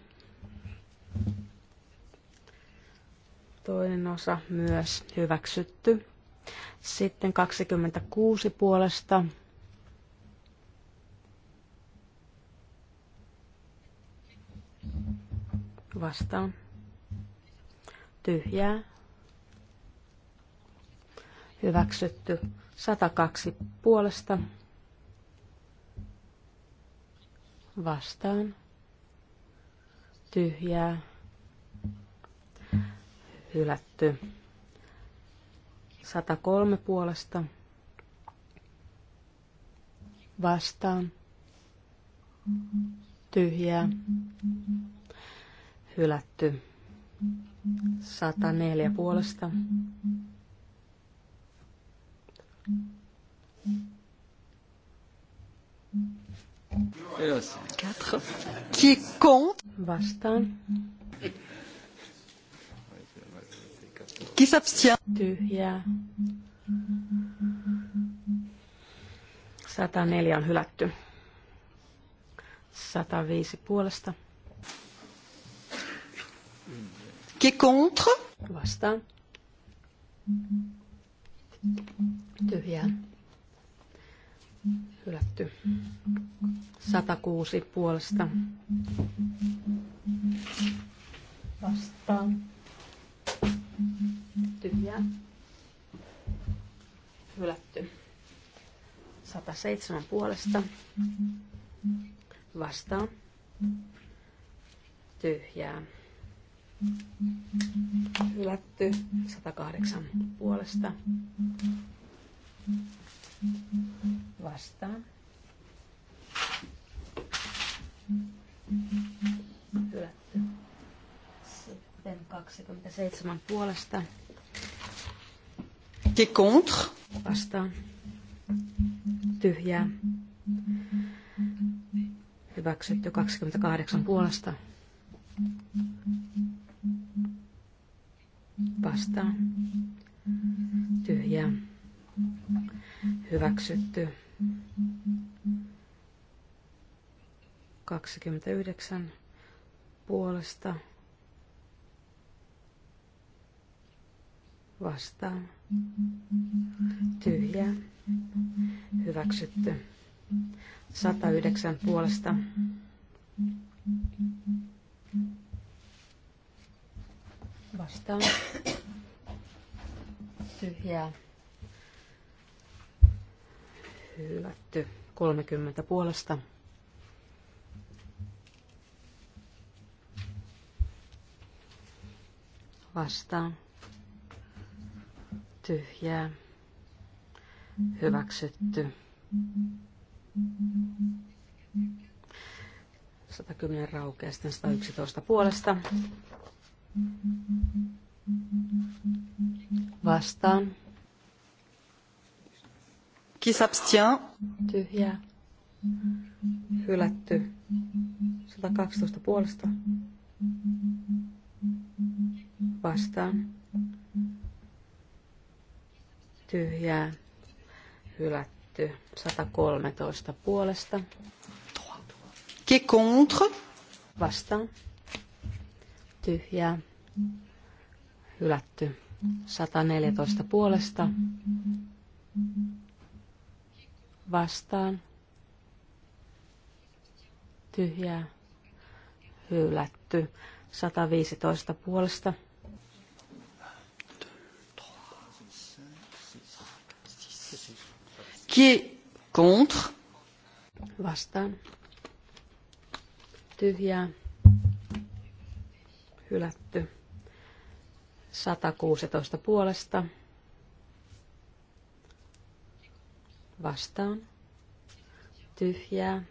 Toinen osa myös hyväksytty. Sitten 26 puolesta vastaan. Tyhjää. Hyväksytty. 102 puolesta. Vastaan. Tyhjää. Hylätty. 103 puolesta. Vastaan. Tyhjää. Hylätty. 104 puolesta Qui est contre? Bastan. Qui s'abstient? Tyhjää. 104 on hylätty. 105 puolesta. Qui est contre? Vastaan. Tyhjää. Hylätty. 106 puolesta. Vastaan. Tyhjää. Hylätty. 107 puolesta. Vastaan. Tyhjää. Hylätty. 108 puolesta Vastaan. Hylätty. Sitten 27 puolesta. Qui contre? Vastaan. Tyhjää. Hyväksytty 28 puolesta. Vastaan. Tyhjää Hyväksytty. 29 puolesta vastaan. Tyhjä. Hyväksytty. 109 puolesta. Vastaan. Tyhjää hylätty 30 puolesta. Vastaan. Tyhjää. Hyväksytty. 110 raukeaa, sitten 111 puolesta. Vastaan Qui s'abstient? tyhjä, Hylätty. 112 puolesta. Vastaan. Tyhjää. Hylätty. 113 puolesta. Qui est contre? Vastaan. Tyhjää. Hylätty. 114 puolesta vastaan tyhjää hylätty 115 puolesta qui contre vastaan tyhjää hylätty 116 puolesta vastaan. Tyhjää.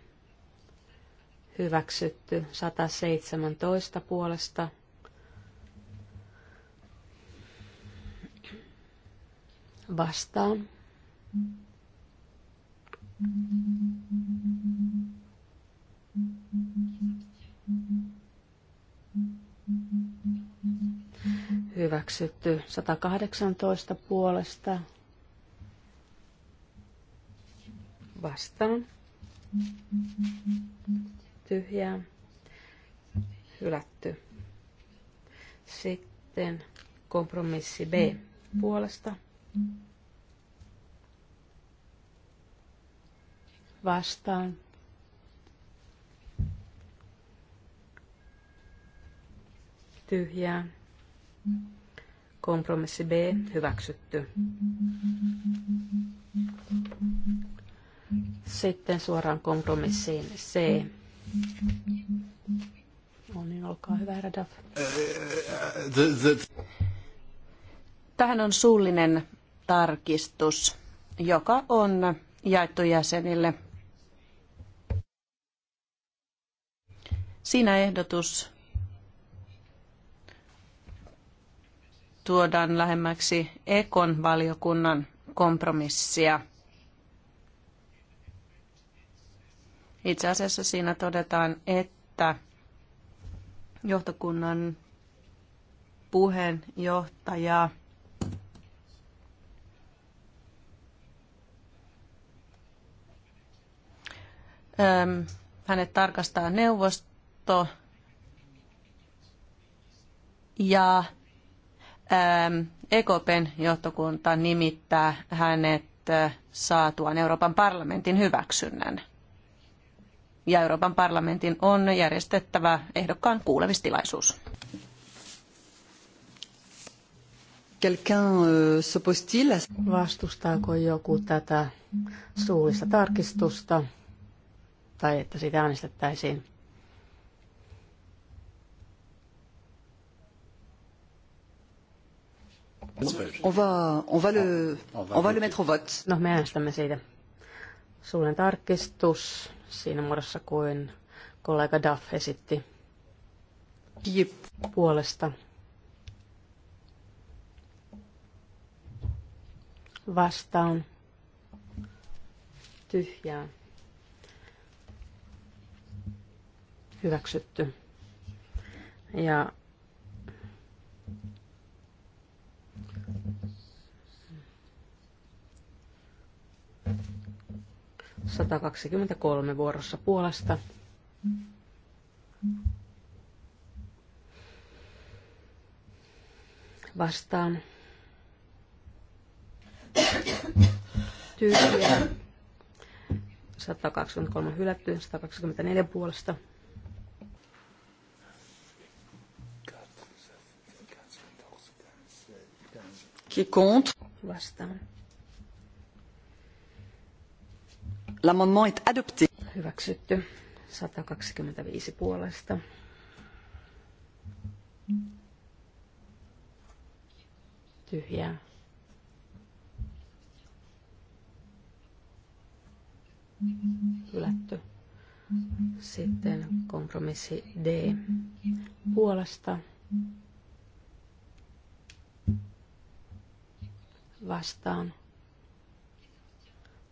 Hyväksytty 117 puolesta. Vastaan. Hyväksytty 118 puolesta vastaan. Tyhjää. Hylätty. Sitten kompromissi B puolesta. Vastaan. Tyhjää. Kompromissi B hyväksytty. Sitten suoraan kompromissiin C. On no niin, olkaa hyvä, herra Tähän on suullinen tarkistus, joka on jaettu jäsenille. Siinä ehdotus tuodaan lähemmäksi Ekon valiokunnan kompromissia – Itse asiassa siinä todetaan, että johtokunnan puheenjohtaja hänet tarkastaa neuvosto ja EKPn johtokunta nimittää hänet saatuaan Euroopan parlamentin hyväksynnän ja Euroopan parlamentin on järjestettävä ehdokkaan kuulemistilaisuus. Euh, Vastustaako joku tätä suullista tarkistusta tai että siitä äänestettäisiin? On va, on va, le, on va le mettre au vote. No, me äänestämme siitä. Suuren tarkistus siinä muodossa kuin kollega Duff esitti Jip. puolesta. Vastaan tyhjää. Hyväksytty. Ja 123 vuorossa puolesta. Vastaan. Tyhjää. 123 hylätty, 124 puolesta. Qui compte Vastaan. L'amendement est adopté. Hyväksytty. 125 puolesta. Tyhjää. Hylätty. Sitten kompromissi D puolesta. Vastaan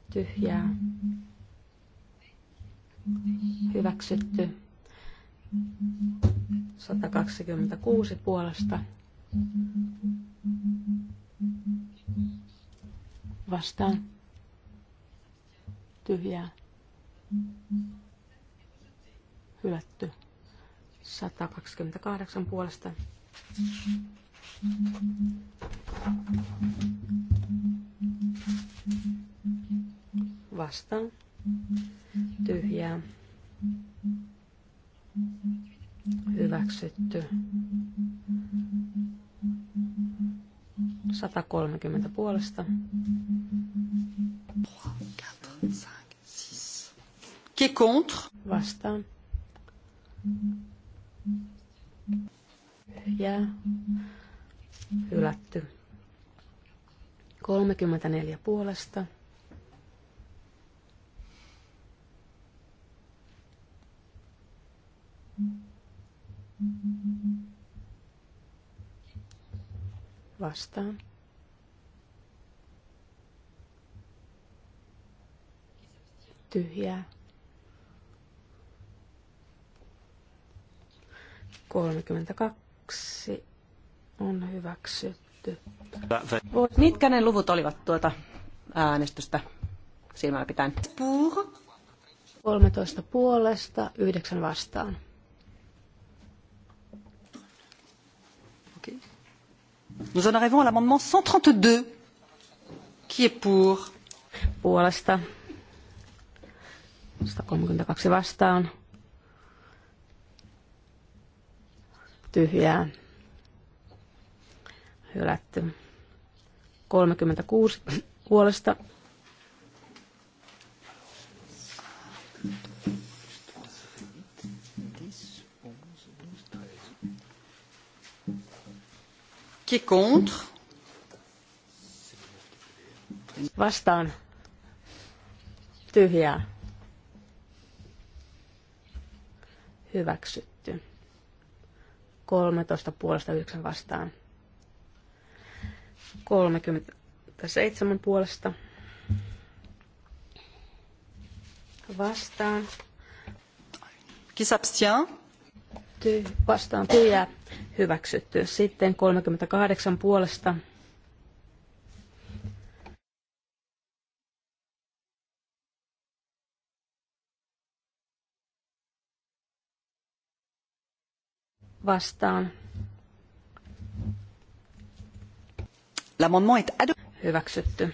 tyhjää, hyväksytty. 126 puolesta vastaan tyhjää, hylätty. 128 puolesta vastaan tyhjää hyväksytty 130 puolesta. Qui est contre? Vastaan. Ja hylätty. 34 puolesta Vastaan. Tyhjää. 32 on hyväksytty. Mitkä ne luvut olivat tuota äänestystä silmällä pitäen? 13 puolesta, 9 vastaan. Nous en arrivons à l'amendement deux Qui est pour? Puolesta. 132 vastaan. Tyhjää. Hylätty. 36 puolesta Qui est contre? Vastaan. Tyhjää. Hyväksytty. 13 puolesta 9 vastaan. 37 puolesta vastaan. Qui s'abstient? Ty, vastaan tyhjää hyväksytty. Sitten 38 puolesta vastaan. Hyväksytty.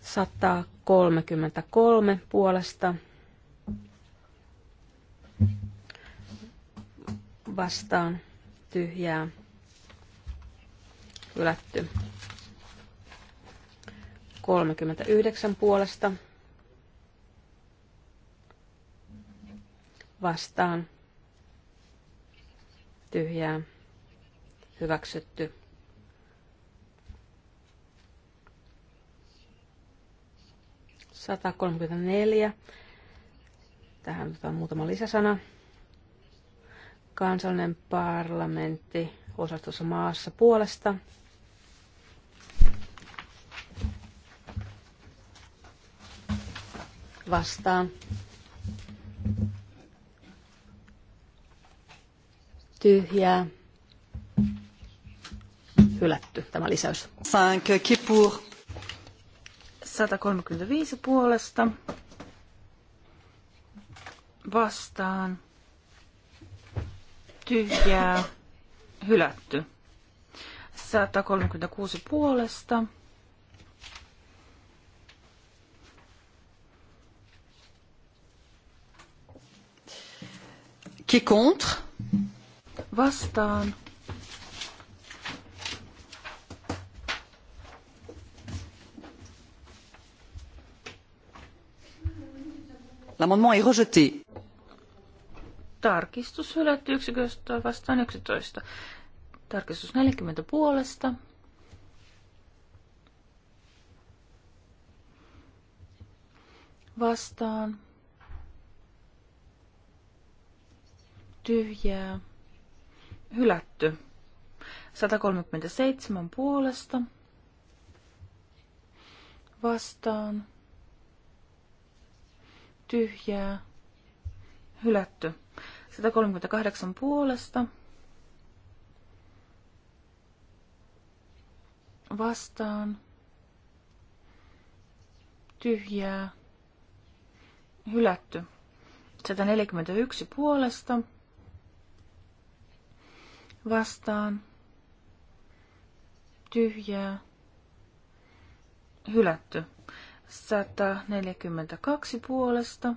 133 puolesta. vastaan tyhjää hylätty. 39 puolesta vastaan tyhjää hyväksytty. 134. Tähän otetaan muutama lisäsana kansallinen parlamentti osastossa maassa puolesta. Vastaan. Tyhjää. Hylätty tämä lisäys. 135 puolesta. Vastaan tyhjää, hylätty. 136 puolesta. Qui contre? Vastaan. L'amendement est rejeté Tarkistus hylätty 11 vastaan 11. Tarkistus 40 puolesta. Vastaan. Tyhjää. Hylätty. 137 puolesta. Vastaan. Tyhjää. Hylätty. 138 puolesta vastaan tyhjää hylätty. 141 puolesta vastaan tyhjää hylätty. 142 puolesta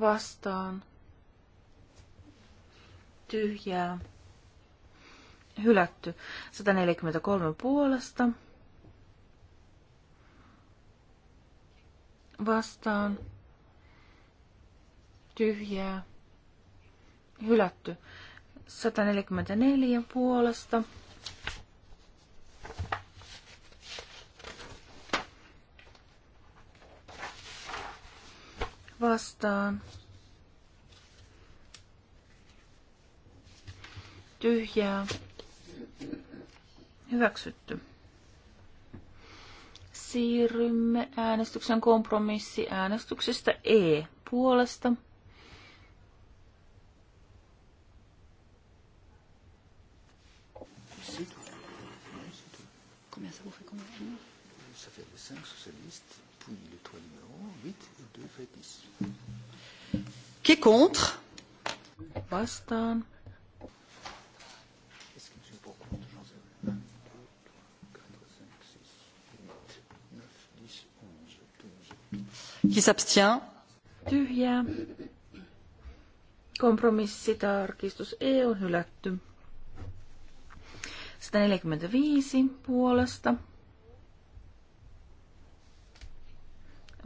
vastaan tyhjää hylätty. 143 puolesta vastaan tyhjää hylätty. 144 puolesta vastaan. Tyhjää. Hyväksytty. Siirrymme äänestyksen kompromissi äänestyksestä E puolesta Contre. Vastaan. Qui s'abstient? Tyhjää. Kompromissitarkistus ei on hylätty. 145 puolesta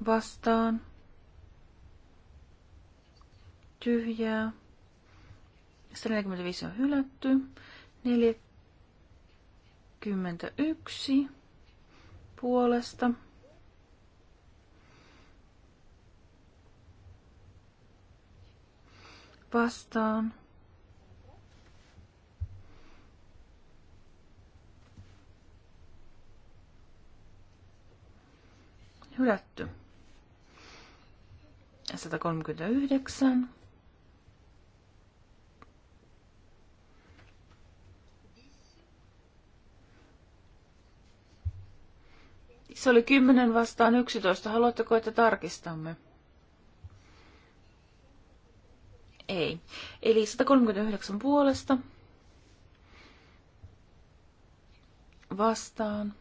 vastaan tyhjää. 145 on hylätty. 41 puolesta. Vastaan. Hylätty. 139 Se oli 10 vastaan 11. Haluatteko, että tarkistamme? Ei. Eli 139 puolesta. Vastaan.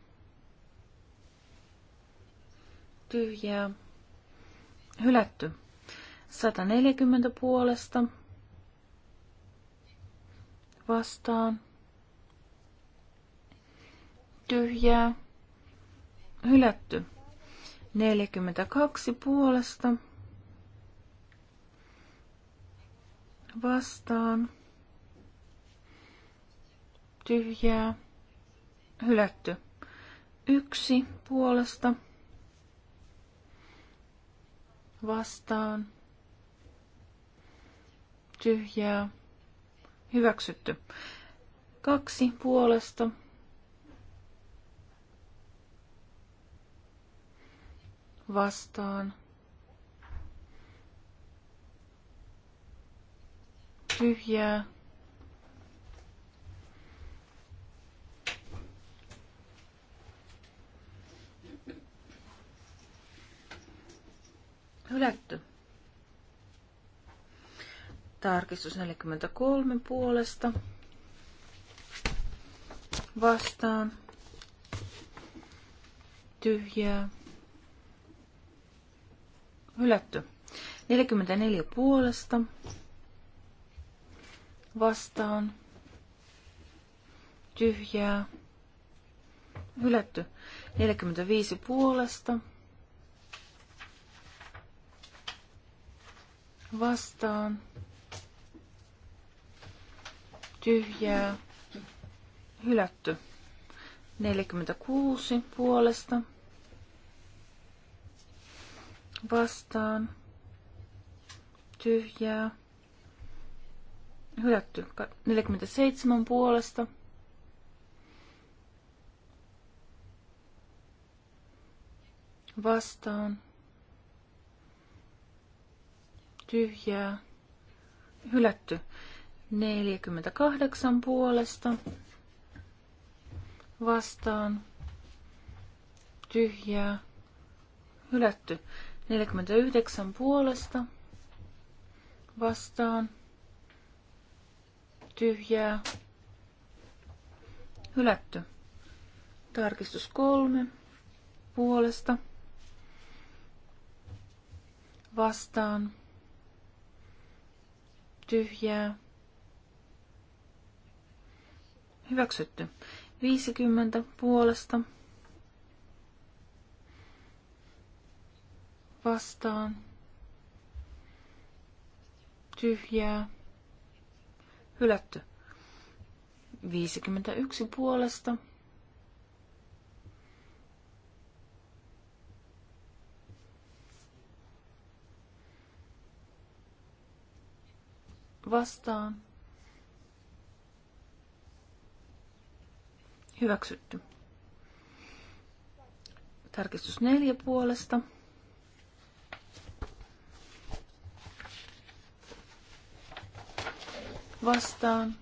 Tyhjää. Hylätty. 140 puolesta. Vastaan. Tyhjää hylätty. 42 puolesta vastaan tyhjää hylätty. Yksi puolesta vastaan tyhjää hyväksytty. Kaksi puolesta vastaan. Tyhjää. Hylätty. Tarkistus 43 puolesta. Vastaan. Tyhjää. Hylätty. 44 puolesta. Vastaan. Tyhjää. Hylätty. 45 puolesta. Vastaan. Tyhjää. Hylätty. 46 puolesta vastaan, tyhjää, hylätty 47 puolesta. Vastaan, tyhjää, hylätty 48 puolesta. Vastaan, tyhjää, hylätty 49 puolesta vastaan tyhjää hylätty. Tarkistus kolme puolesta vastaan tyhjää hyväksytty. 50 puolesta vastaan tyhjää hylätty. 51 puolesta vastaan. Hyväksytty. Tarkistus neljä puolesta. vastaan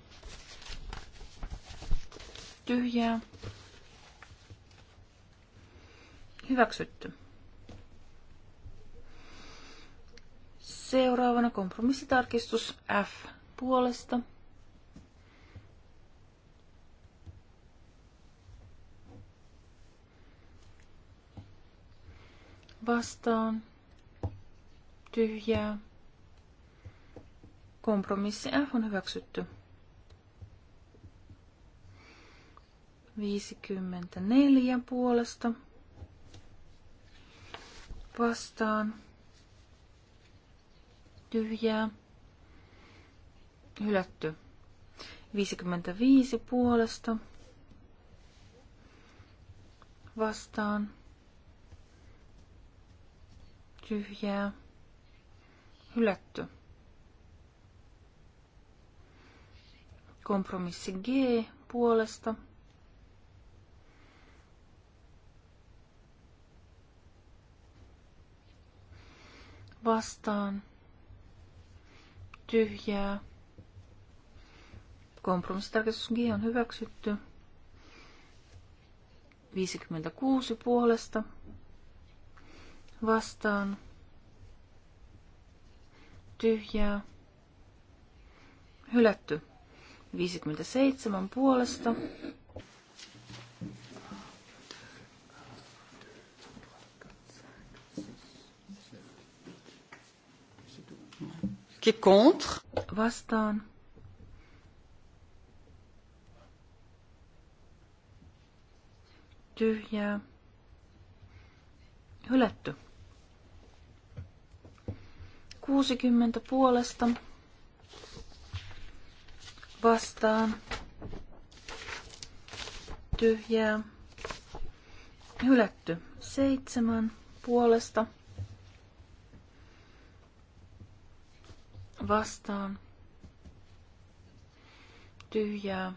tyhjää hyväksytty. Seuraavana kompromissitarkistus F puolesta. Vastaan. Tyhjää. Kompromissi on hyväksytty. 54 puolesta vastaan tyhjää hylätty. 55 puolesta vastaan tyhjää hylätty. Kompromissi G puolesta. Vastaan. Tyhjää. Kompromissitarkistus G on hyväksytty. 56 puolesta vastaan tyhjää hylätty. 57 puolesta. Qui est contre? Vastaan. Tyhjää. Hylätty. 60 puolesta vastaan tyhjää hylätty seitsemän puolesta vastaan tyhjää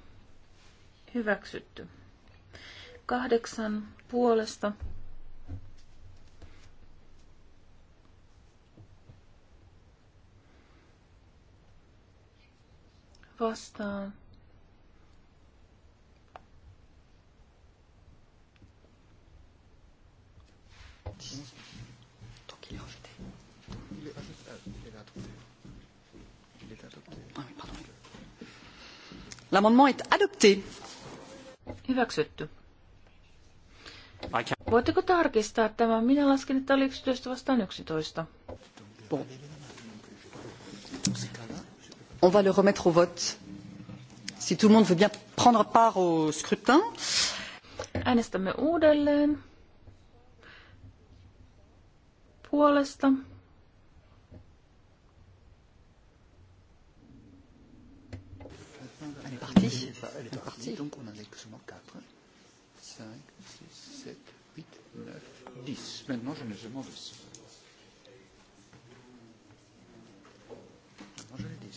hyväksytty kahdeksan puolesta vastaan. L'amendement est adopté. Hyväksytty. Voitteko tarkistaa tämän? Minä lasken, että oli 11 vastaan 11. Bon on va le remettre au vote. Si tout le monde veut bien prendre part au scrutin. Äänestämme uudelleen. Puolesta. Elle est partie. Elle est partie. Donc on en seulement 4, 5, 6, 7, 8, 9, 10. Maintenant je ai demande 10.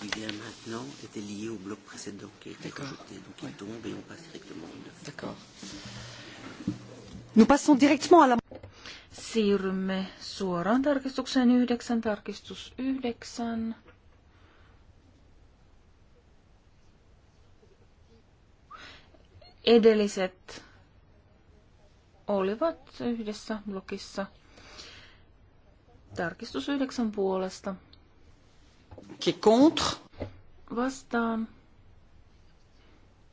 qui vient maintenant était lié au bloc précédent qui a été rejeté. Donc il tombe et on passe directement au 9. D'accord. Nous passons directement à la... Siirrymme suoraan tarkistukseen yhdeksän, tarkistus yhdeksän. Edelliset olivat yhdessä blokissa. Tarkistus yhdeksän puolesta Qui est contre? Vastaan.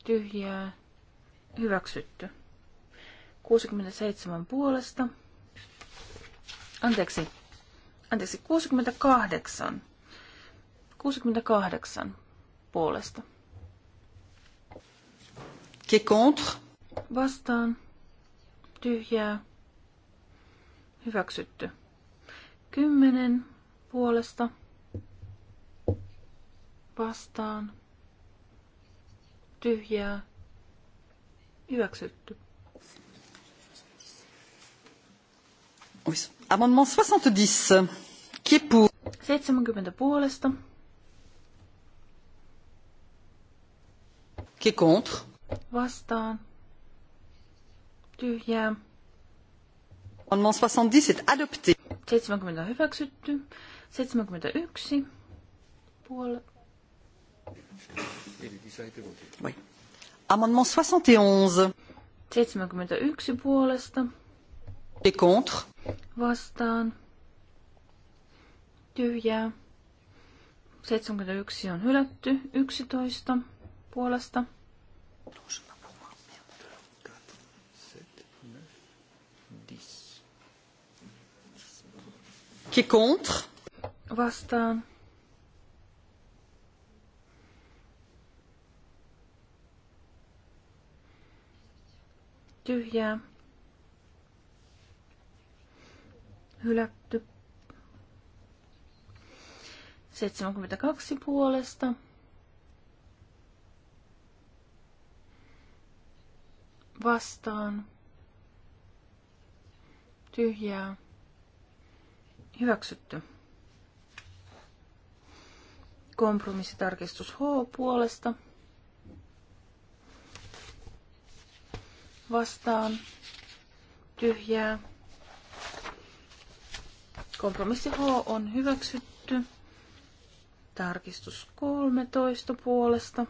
Tyhjää. Hyväksytty. 67 puolesta. Anteeksi. Anteeksi, 68. 68 puolesta. Qui est contre? Vastaan. Tyhjää. Hyväksytty. 10 puolesta vastaan, tyhjää, hyväksytty. Amendement 70. Qui est pour? 70 puolesta. Qui est contre? Vastaan. Tyhjää. Amendement 70 est adopté. 70 hyväksytty. 71 puolesta Oui. Amendement 71. 71 Et contre. Vastaan. Tyhjää. 71 on hylätty. 11 puolesta. Qui contre? Vastaan. tyhjää, hylätty. 72 puolesta. Vastaan. Tyhjää. Hyväksytty. Kompromissitarkistus H puolesta. vastaan tyhjää. Kompromissi H on hyväksytty. Tarkistus 13 puolesta.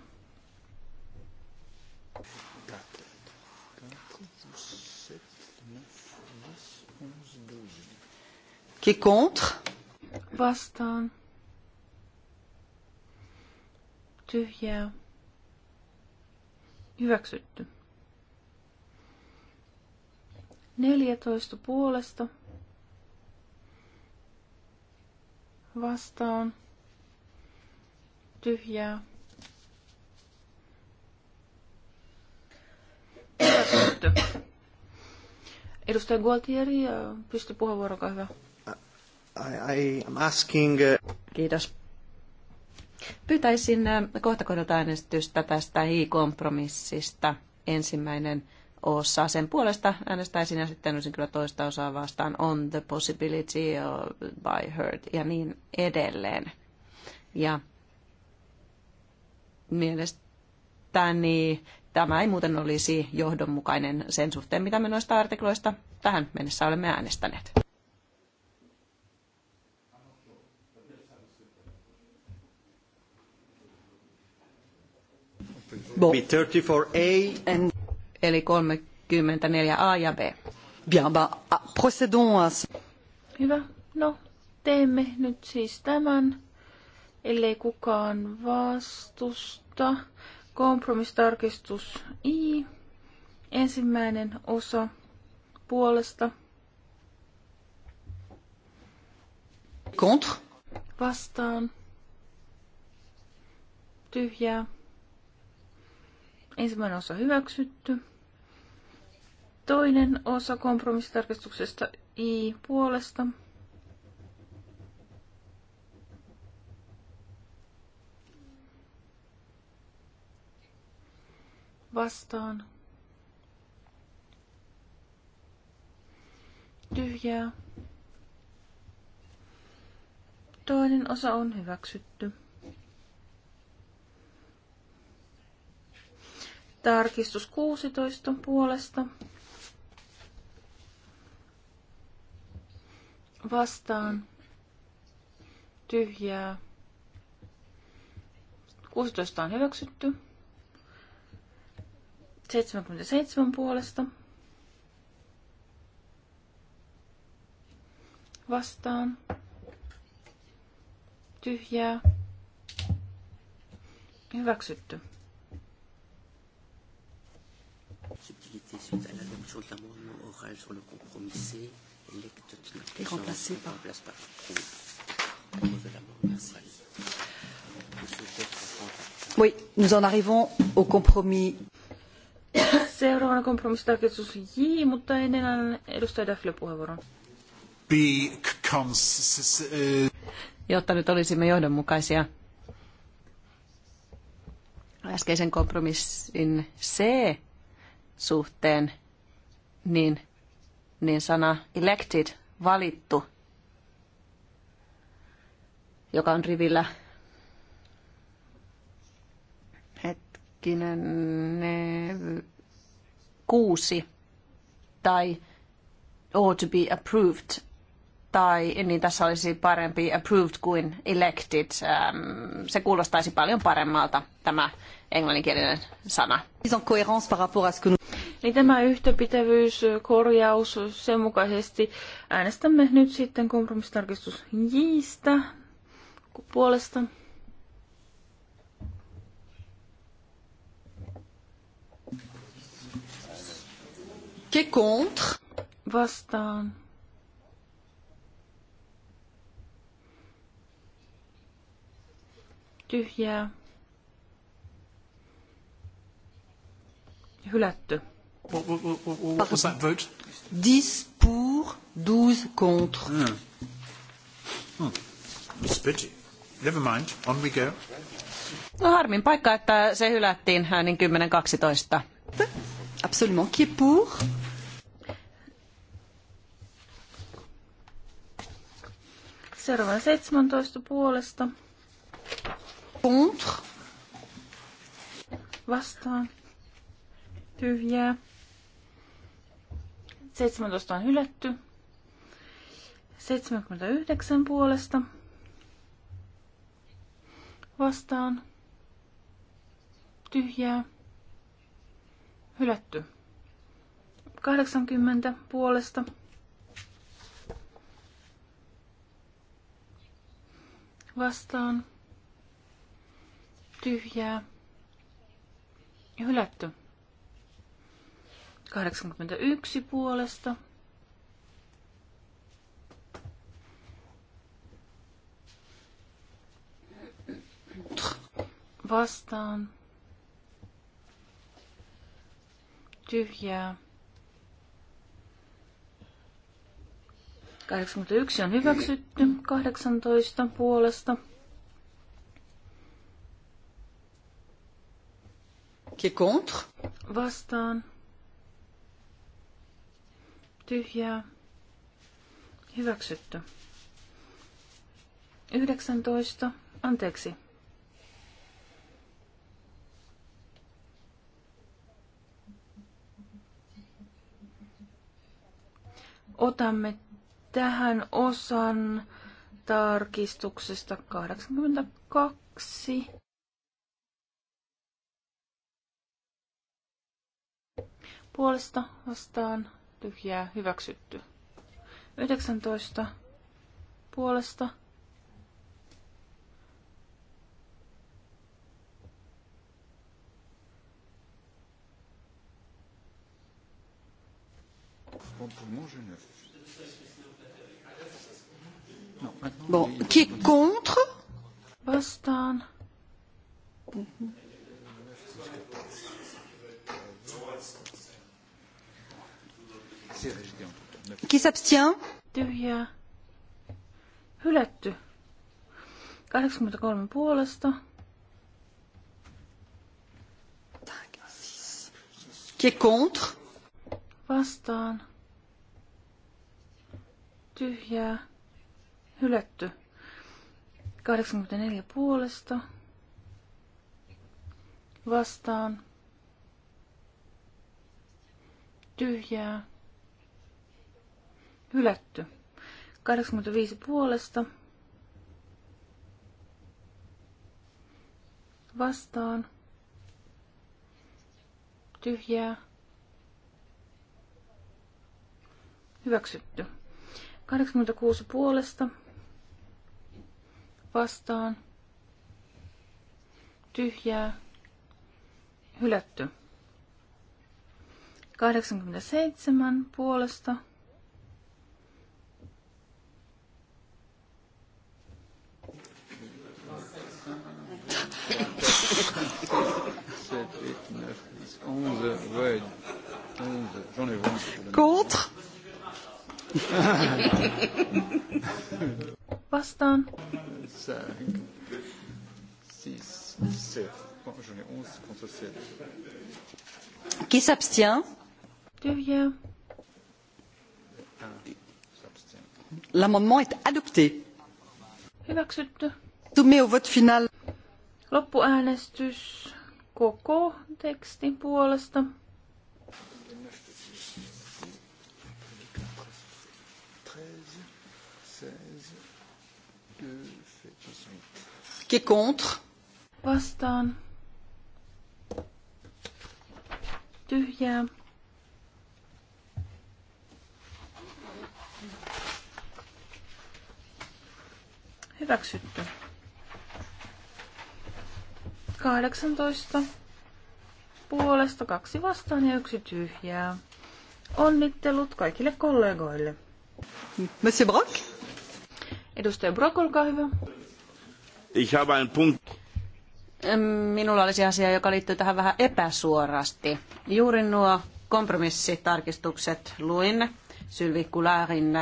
Qui contre Vastaan. Tyhjää. Hyväksytty. 14 puolesta vastaan tyhjää. Edustaja Gualtieri, pysty puheenvuorokaa hyvä. I, I am asking... Uh, Kiitos. Pyytäisin uh, kohtakohdalta äänestystä tästä i-kompromissista. Ensimmäinen osa Sen puolesta äänestäisin ja sitten olisin kyllä toista osaa vastaan on the possibility by hurt ja niin edelleen. Ja mielestäni tämä ei muuten olisi johdonmukainen sen suhteen, mitä me noista artikloista tähän mennessä olemme äänestäneet. Bon. 34A and eli 34a ja b. Bien, bah, ah, procédons à... Hyvä. No, teemme nyt siis tämän, ellei kukaan vastusta. Kompromistarkistus I, ensimmäinen osa puolesta. Contre. Vastaan. Tyhjää. Ensimmäinen osa hyväksytty. Toinen osa kompromissitarkistuksesta I puolesta. Vastaan. Tyhjää. Toinen osa on hyväksytty. Tarkistus 16 puolesta. vastaan tyhjää. 16 on hyväksytty. 77 puolesta. Vastaan. Tyhjää. Hyväksytty. Subtilité suite à l'adoption de l'amendement oral sur le compromis C remplacé par. Oui, nous en arrivons au compromis. Seuraavana kompromissitarkistus J, mutta ennen edustaja Daffille puheenvuoron. Eh. Jotta nyt olisimme johdonmukaisia äskeisen kompromissin C suhteen, niin niin sana elected, valittu, joka on rivillä hetkinen kuusi tai ought to be approved tai niin tässä olisi parempi approved kuin elected. Ähm, se kuulostaisi paljon paremmalta tämä englanninkielinen sana. Niin tämä yhtäpitävyys, korjaus, sen mukaisesti äänestämme nyt sitten kompromissitarkistus Jistä puolesta. Qui contre? Vastaan. Tyhjää. Hylätty. What, what, what, what was that vote? 10 pour, 12 contre. Mm. It's pity. Never mind. On we go. No harmin paikka, että se hylättiin äänin 10-12. Absolument. Qui est pour? Seuraava 17 puolesta. Contre. Vastaan. Tyhjää. 17 on hylätty. 79 puolesta vastaan tyhjää hylätty. 80 puolesta vastaan tyhjää hylätty. 81 puolesta. Vastaan. Tyhjää. 81 on hyväksytty, 18 puolesta. Qui est contre? Vastaan tyhjää, hyväksytty. 19, anteeksi. Otamme tähän osan tarkistuksesta 82. Puolesta vastaan tyhjää hyväksytty. 19 puolesta Bon, qui est contre Bastan. Mm-hmm. Qui s'abstient? 83 puolesta. Qui est contre? Vastaan. Tyhjää. Hylätty. 84 puolesta. Vastaan. Tyhjää hylätty. 85 puolesta vastaan tyhjää hyväksytty. 86 puolesta vastaan tyhjää hylätty. 87 puolesta 7, 8, 9, 10, 11, ouais, 11, j'en ai 20. Contre Vastaan. 5, 6, 7. Bon, j'en ai 11 contre 7. Qui s'abstient Tyhjää. L'amendement est adopté. Hyväksytty. Soumet au vote final. Loppuäänestys koko tekstin puolesta. Qui est contre? Vastaan. Tyhjää. Hyväksytty. 18 puolesta, kaksi vastaan ja yksi tyhjää. Onnittelut kaikille kollegoille. Monsieur Brock? Edustaja Brock, olkaa hyvä. Ich habe einen Punkt. Minulla olisi asia, joka liittyy tähän vähän epäsuorasti. Juuri nuo kompromissitarkistukset luin Sylvi Kulaarin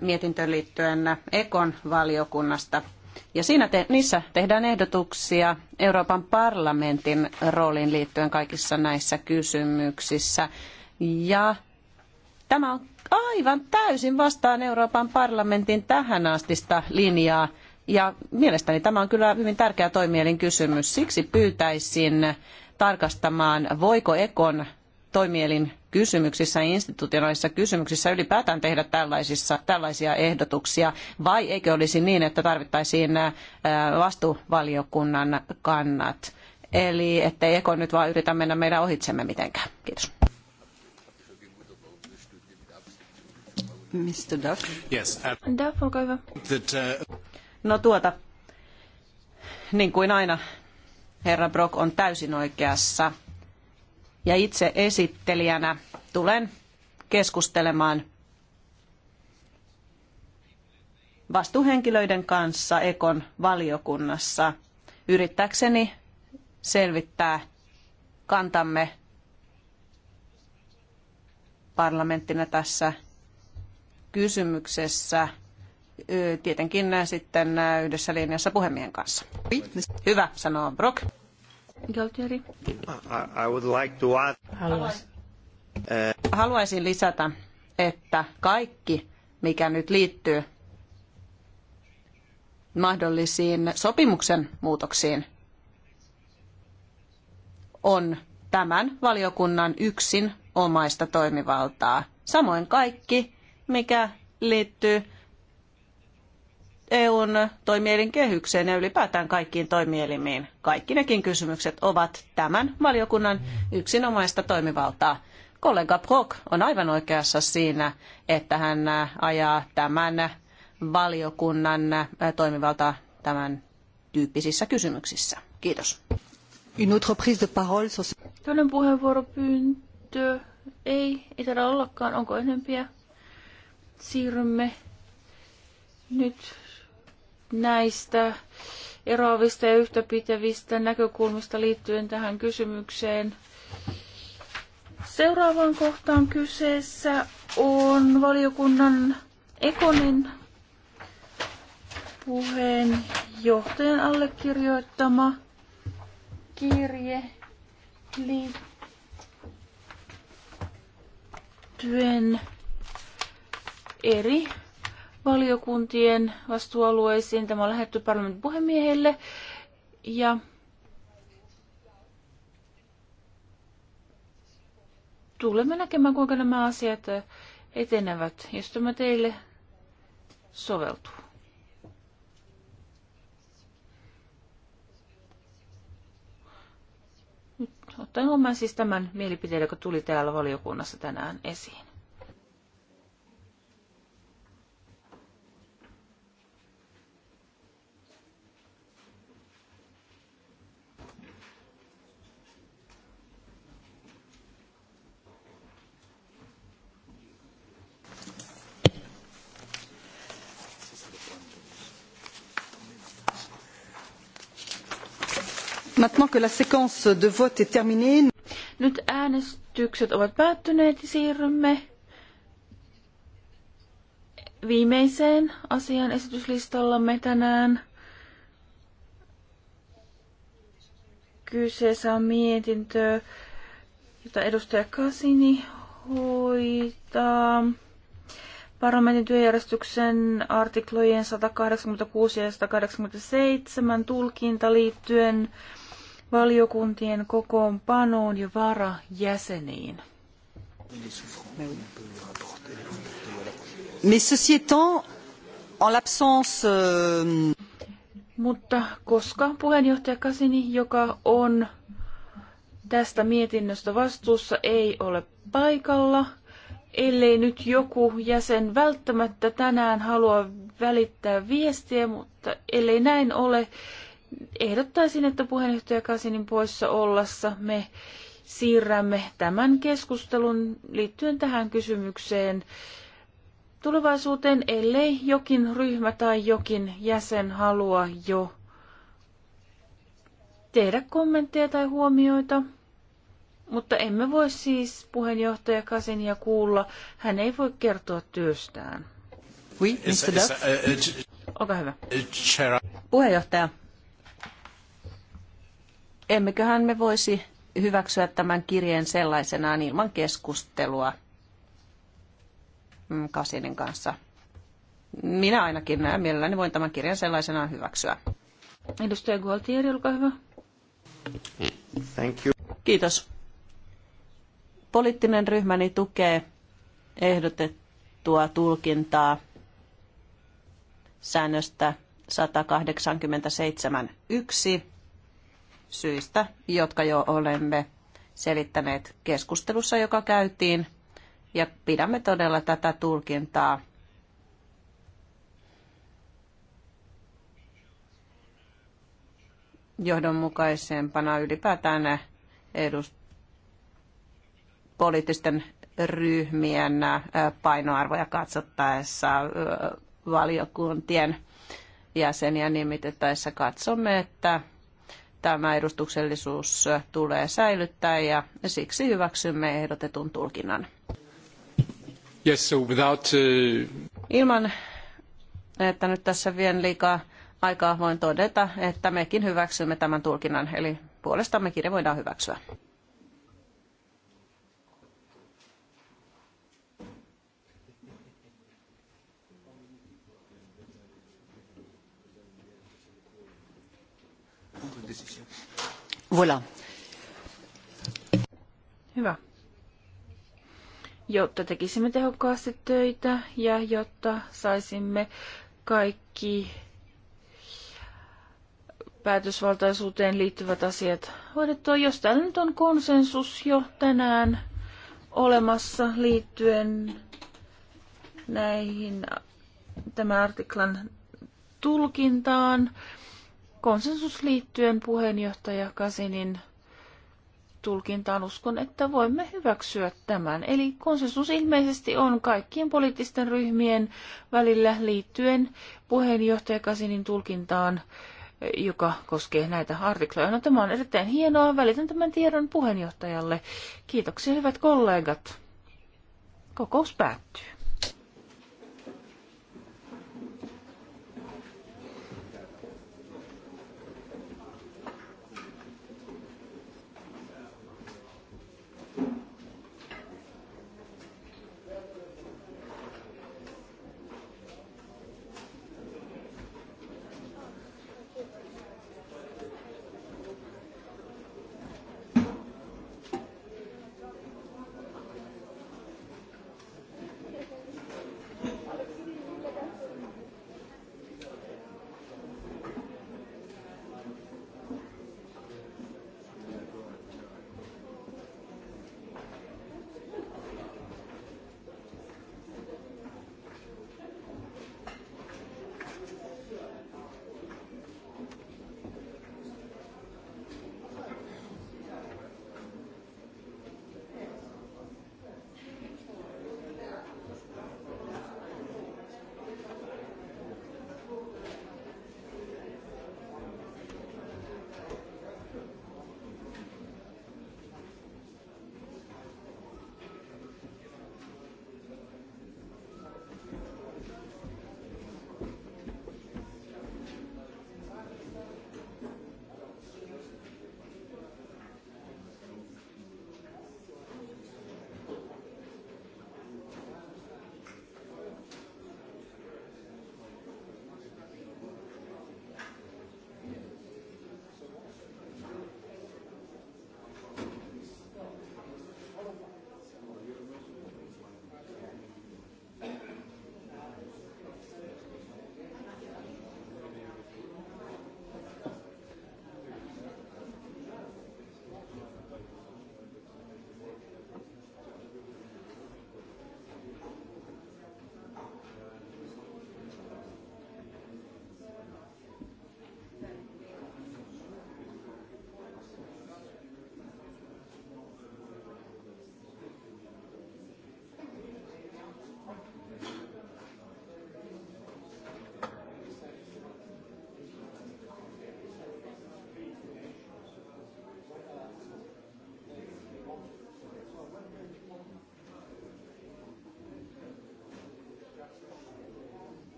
mietintöön liittyen Ekon valiokunnasta – ja siinä te, niissä tehdään ehdotuksia Euroopan parlamentin rooliin liittyen kaikissa näissä kysymyksissä. Ja tämä on aivan täysin vastaan Euroopan parlamentin tähänastista linjaa. Ja mielestäni tämä on kyllä hyvin tärkeä toimielin kysymys. Siksi pyytäisin tarkastamaan, voiko Ekon toimielin kysymyksissä, institutionaalisissa kysymyksissä ylipäätään tehdä tällaisissa, tällaisia ehdotuksia, vai eikö olisi niin, että tarvittaisiin äh, vastuuvaliokunnan kannat? Eli ettei Eko nyt vaan yritä mennä meidän ohitsemme mitenkään. Kiitos. Mr. Duff. Yes. Uh, Duff, olkaa hyvä. That, uh... No tuota, niin kuin aina, herra Brok on täysin oikeassa ja itse esittelijänä tulen keskustelemaan vastuuhenkilöiden kanssa Ekon valiokunnassa yrittääkseni selvittää kantamme parlamenttina tässä kysymyksessä tietenkin sitten yhdessä linjassa puhemiehen kanssa. Hyvä, sanoo Brock. Galtieri. I would like to add... Haluaisin. Eh. Haluaisin lisätä, että kaikki, mikä nyt liittyy mahdollisiin sopimuksen muutoksiin, on tämän valiokunnan yksin omaista toimivaltaa. Samoin kaikki, mikä liittyy EUn toimielin kehykseen ja ylipäätään kaikkiin toimielimiin. Kaikki nekin kysymykset ovat tämän valiokunnan yksinomaista toimivaltaa. Kollega Brock on aivan oikeassa siinä, että hän ajaa tämän valiokunnan toimivaltaa tämän tyyppisissä kysymyksissä. Kiitos. Une autre prise de parole sur... Toinen puheenvuoropyyntö. Ei, ei taida ollakaan. Onko enempiä? Siirrymme nyt näistä eroavista ja yhtäpitävistä näkökulmista liittyen tähän kysymykseen. Seuraavaan kohtaan kyseessä on valiokunnan Ekonin puheenjohtajan allekirjoittama kirje liittyen eri valiokuntien vastuualueisiin. Tämä on lähetty parlamentin puhemiehelle ja tulemme näkemään, kuinka nämä asiat etenevät, jos tämä teille soveltuu. ottaen huomioon siis tämän mielipiteen, joka tuli täällä valiokunnassa tänään esiin. Maintenant que la séquence de vote est terminée. Nyt äänestykset ovat päättyneet ja siirrymme viimeiseen asian esityslistallamme tänään. Kyseessä on mietintö, jota edustaja Kasini hoitaa. Parlamentin työjärjestyksen artiklojen 186 ja 187 tulkinta liittyen valiokuntien kokoonpanoon ja varajäseniin. Euh, mutta koska puheenjohtaja Kasini, joka on tästä mietinnöstä vastuussa, ei ole paikalla, ellei nyt joku jäsen välttämättä tänään halua välittää viestiä, mutta ellei näin ole, ehdottaisin, että puheenjohtaja Kasinin poissa ollessa me siirrämme tämän keskustelun liittyen tähän kysymykseen tulevaisuuteen, ellei jokin ryhmä tai jokin jäsen halua jo tehdä kommentteja tai huomioita. Mutta emme voi siis puheenjohtaja Kasinia kuulla. Hän ei voi kertoa työstään. Oui, Mr. Duff. Euh, euh, Olkaa hyvä. Euh, puheenjohtaja, emmeköhän me voisi hyväksyä tämän kirjeen sellaisenaan ilman keskustelua mm, Kasinin kanssa. Minä ainakin näen mielelläni voin tämän kirjan sellaisenaan hyväksyä. Edustaja Gualtieri, olkaa hyvä. Thank you. Kiitos. Poliittinen ryhmäni tukee ehdotettua tulkintaa säännöstä 187.1 syistä, jotka jo olemme selittäneet keskustelussa, joka käytiin. Ja pidämme todella tätä tulkintaa johdonmukaisempana ylipäätään edust- poliittisten ryhmien painoarvoja katsottaessa valiokuntien jäseniä nimitettäessä katsomme, että tämä edustuksellisuus tulee säilyttää ja siksi hyväksymme ehdotetun tulkinnan. Yes, so without, uh... Ilman, että nyt tässä vien liikaa aikaa, voin todeta, että mekin hyväksymme tämän tulkinnan, eli puolestamme kirja voidaan hyväksyä. Voilà. Hyvä. Jotta tekisimme tehokkaasti töitä ja jotta saisimme kaikki päätösvaltaisuuteen liittyvät asiat hoidettua. Jos täällä nyt on konsensus jo tänään olemassa liittyen näihin tämän artiklan tulkintaan, konsensus liittyen puheenjohtaja Kasinin tulkintaan uskon, että voimme hyväksyä tämän. Eli konsensus ilmeisesti on kaikkien poliittisten ryhmien välillä liittyen puheenjohtaja Kasinin tulkintaan, joka koskee näitä artikloja. No, tämä on erittäin hienoa. Välitän tämän tiedon puheenjohtajalle. Kiitoksia hyvät kollegat. Kokous päättyy.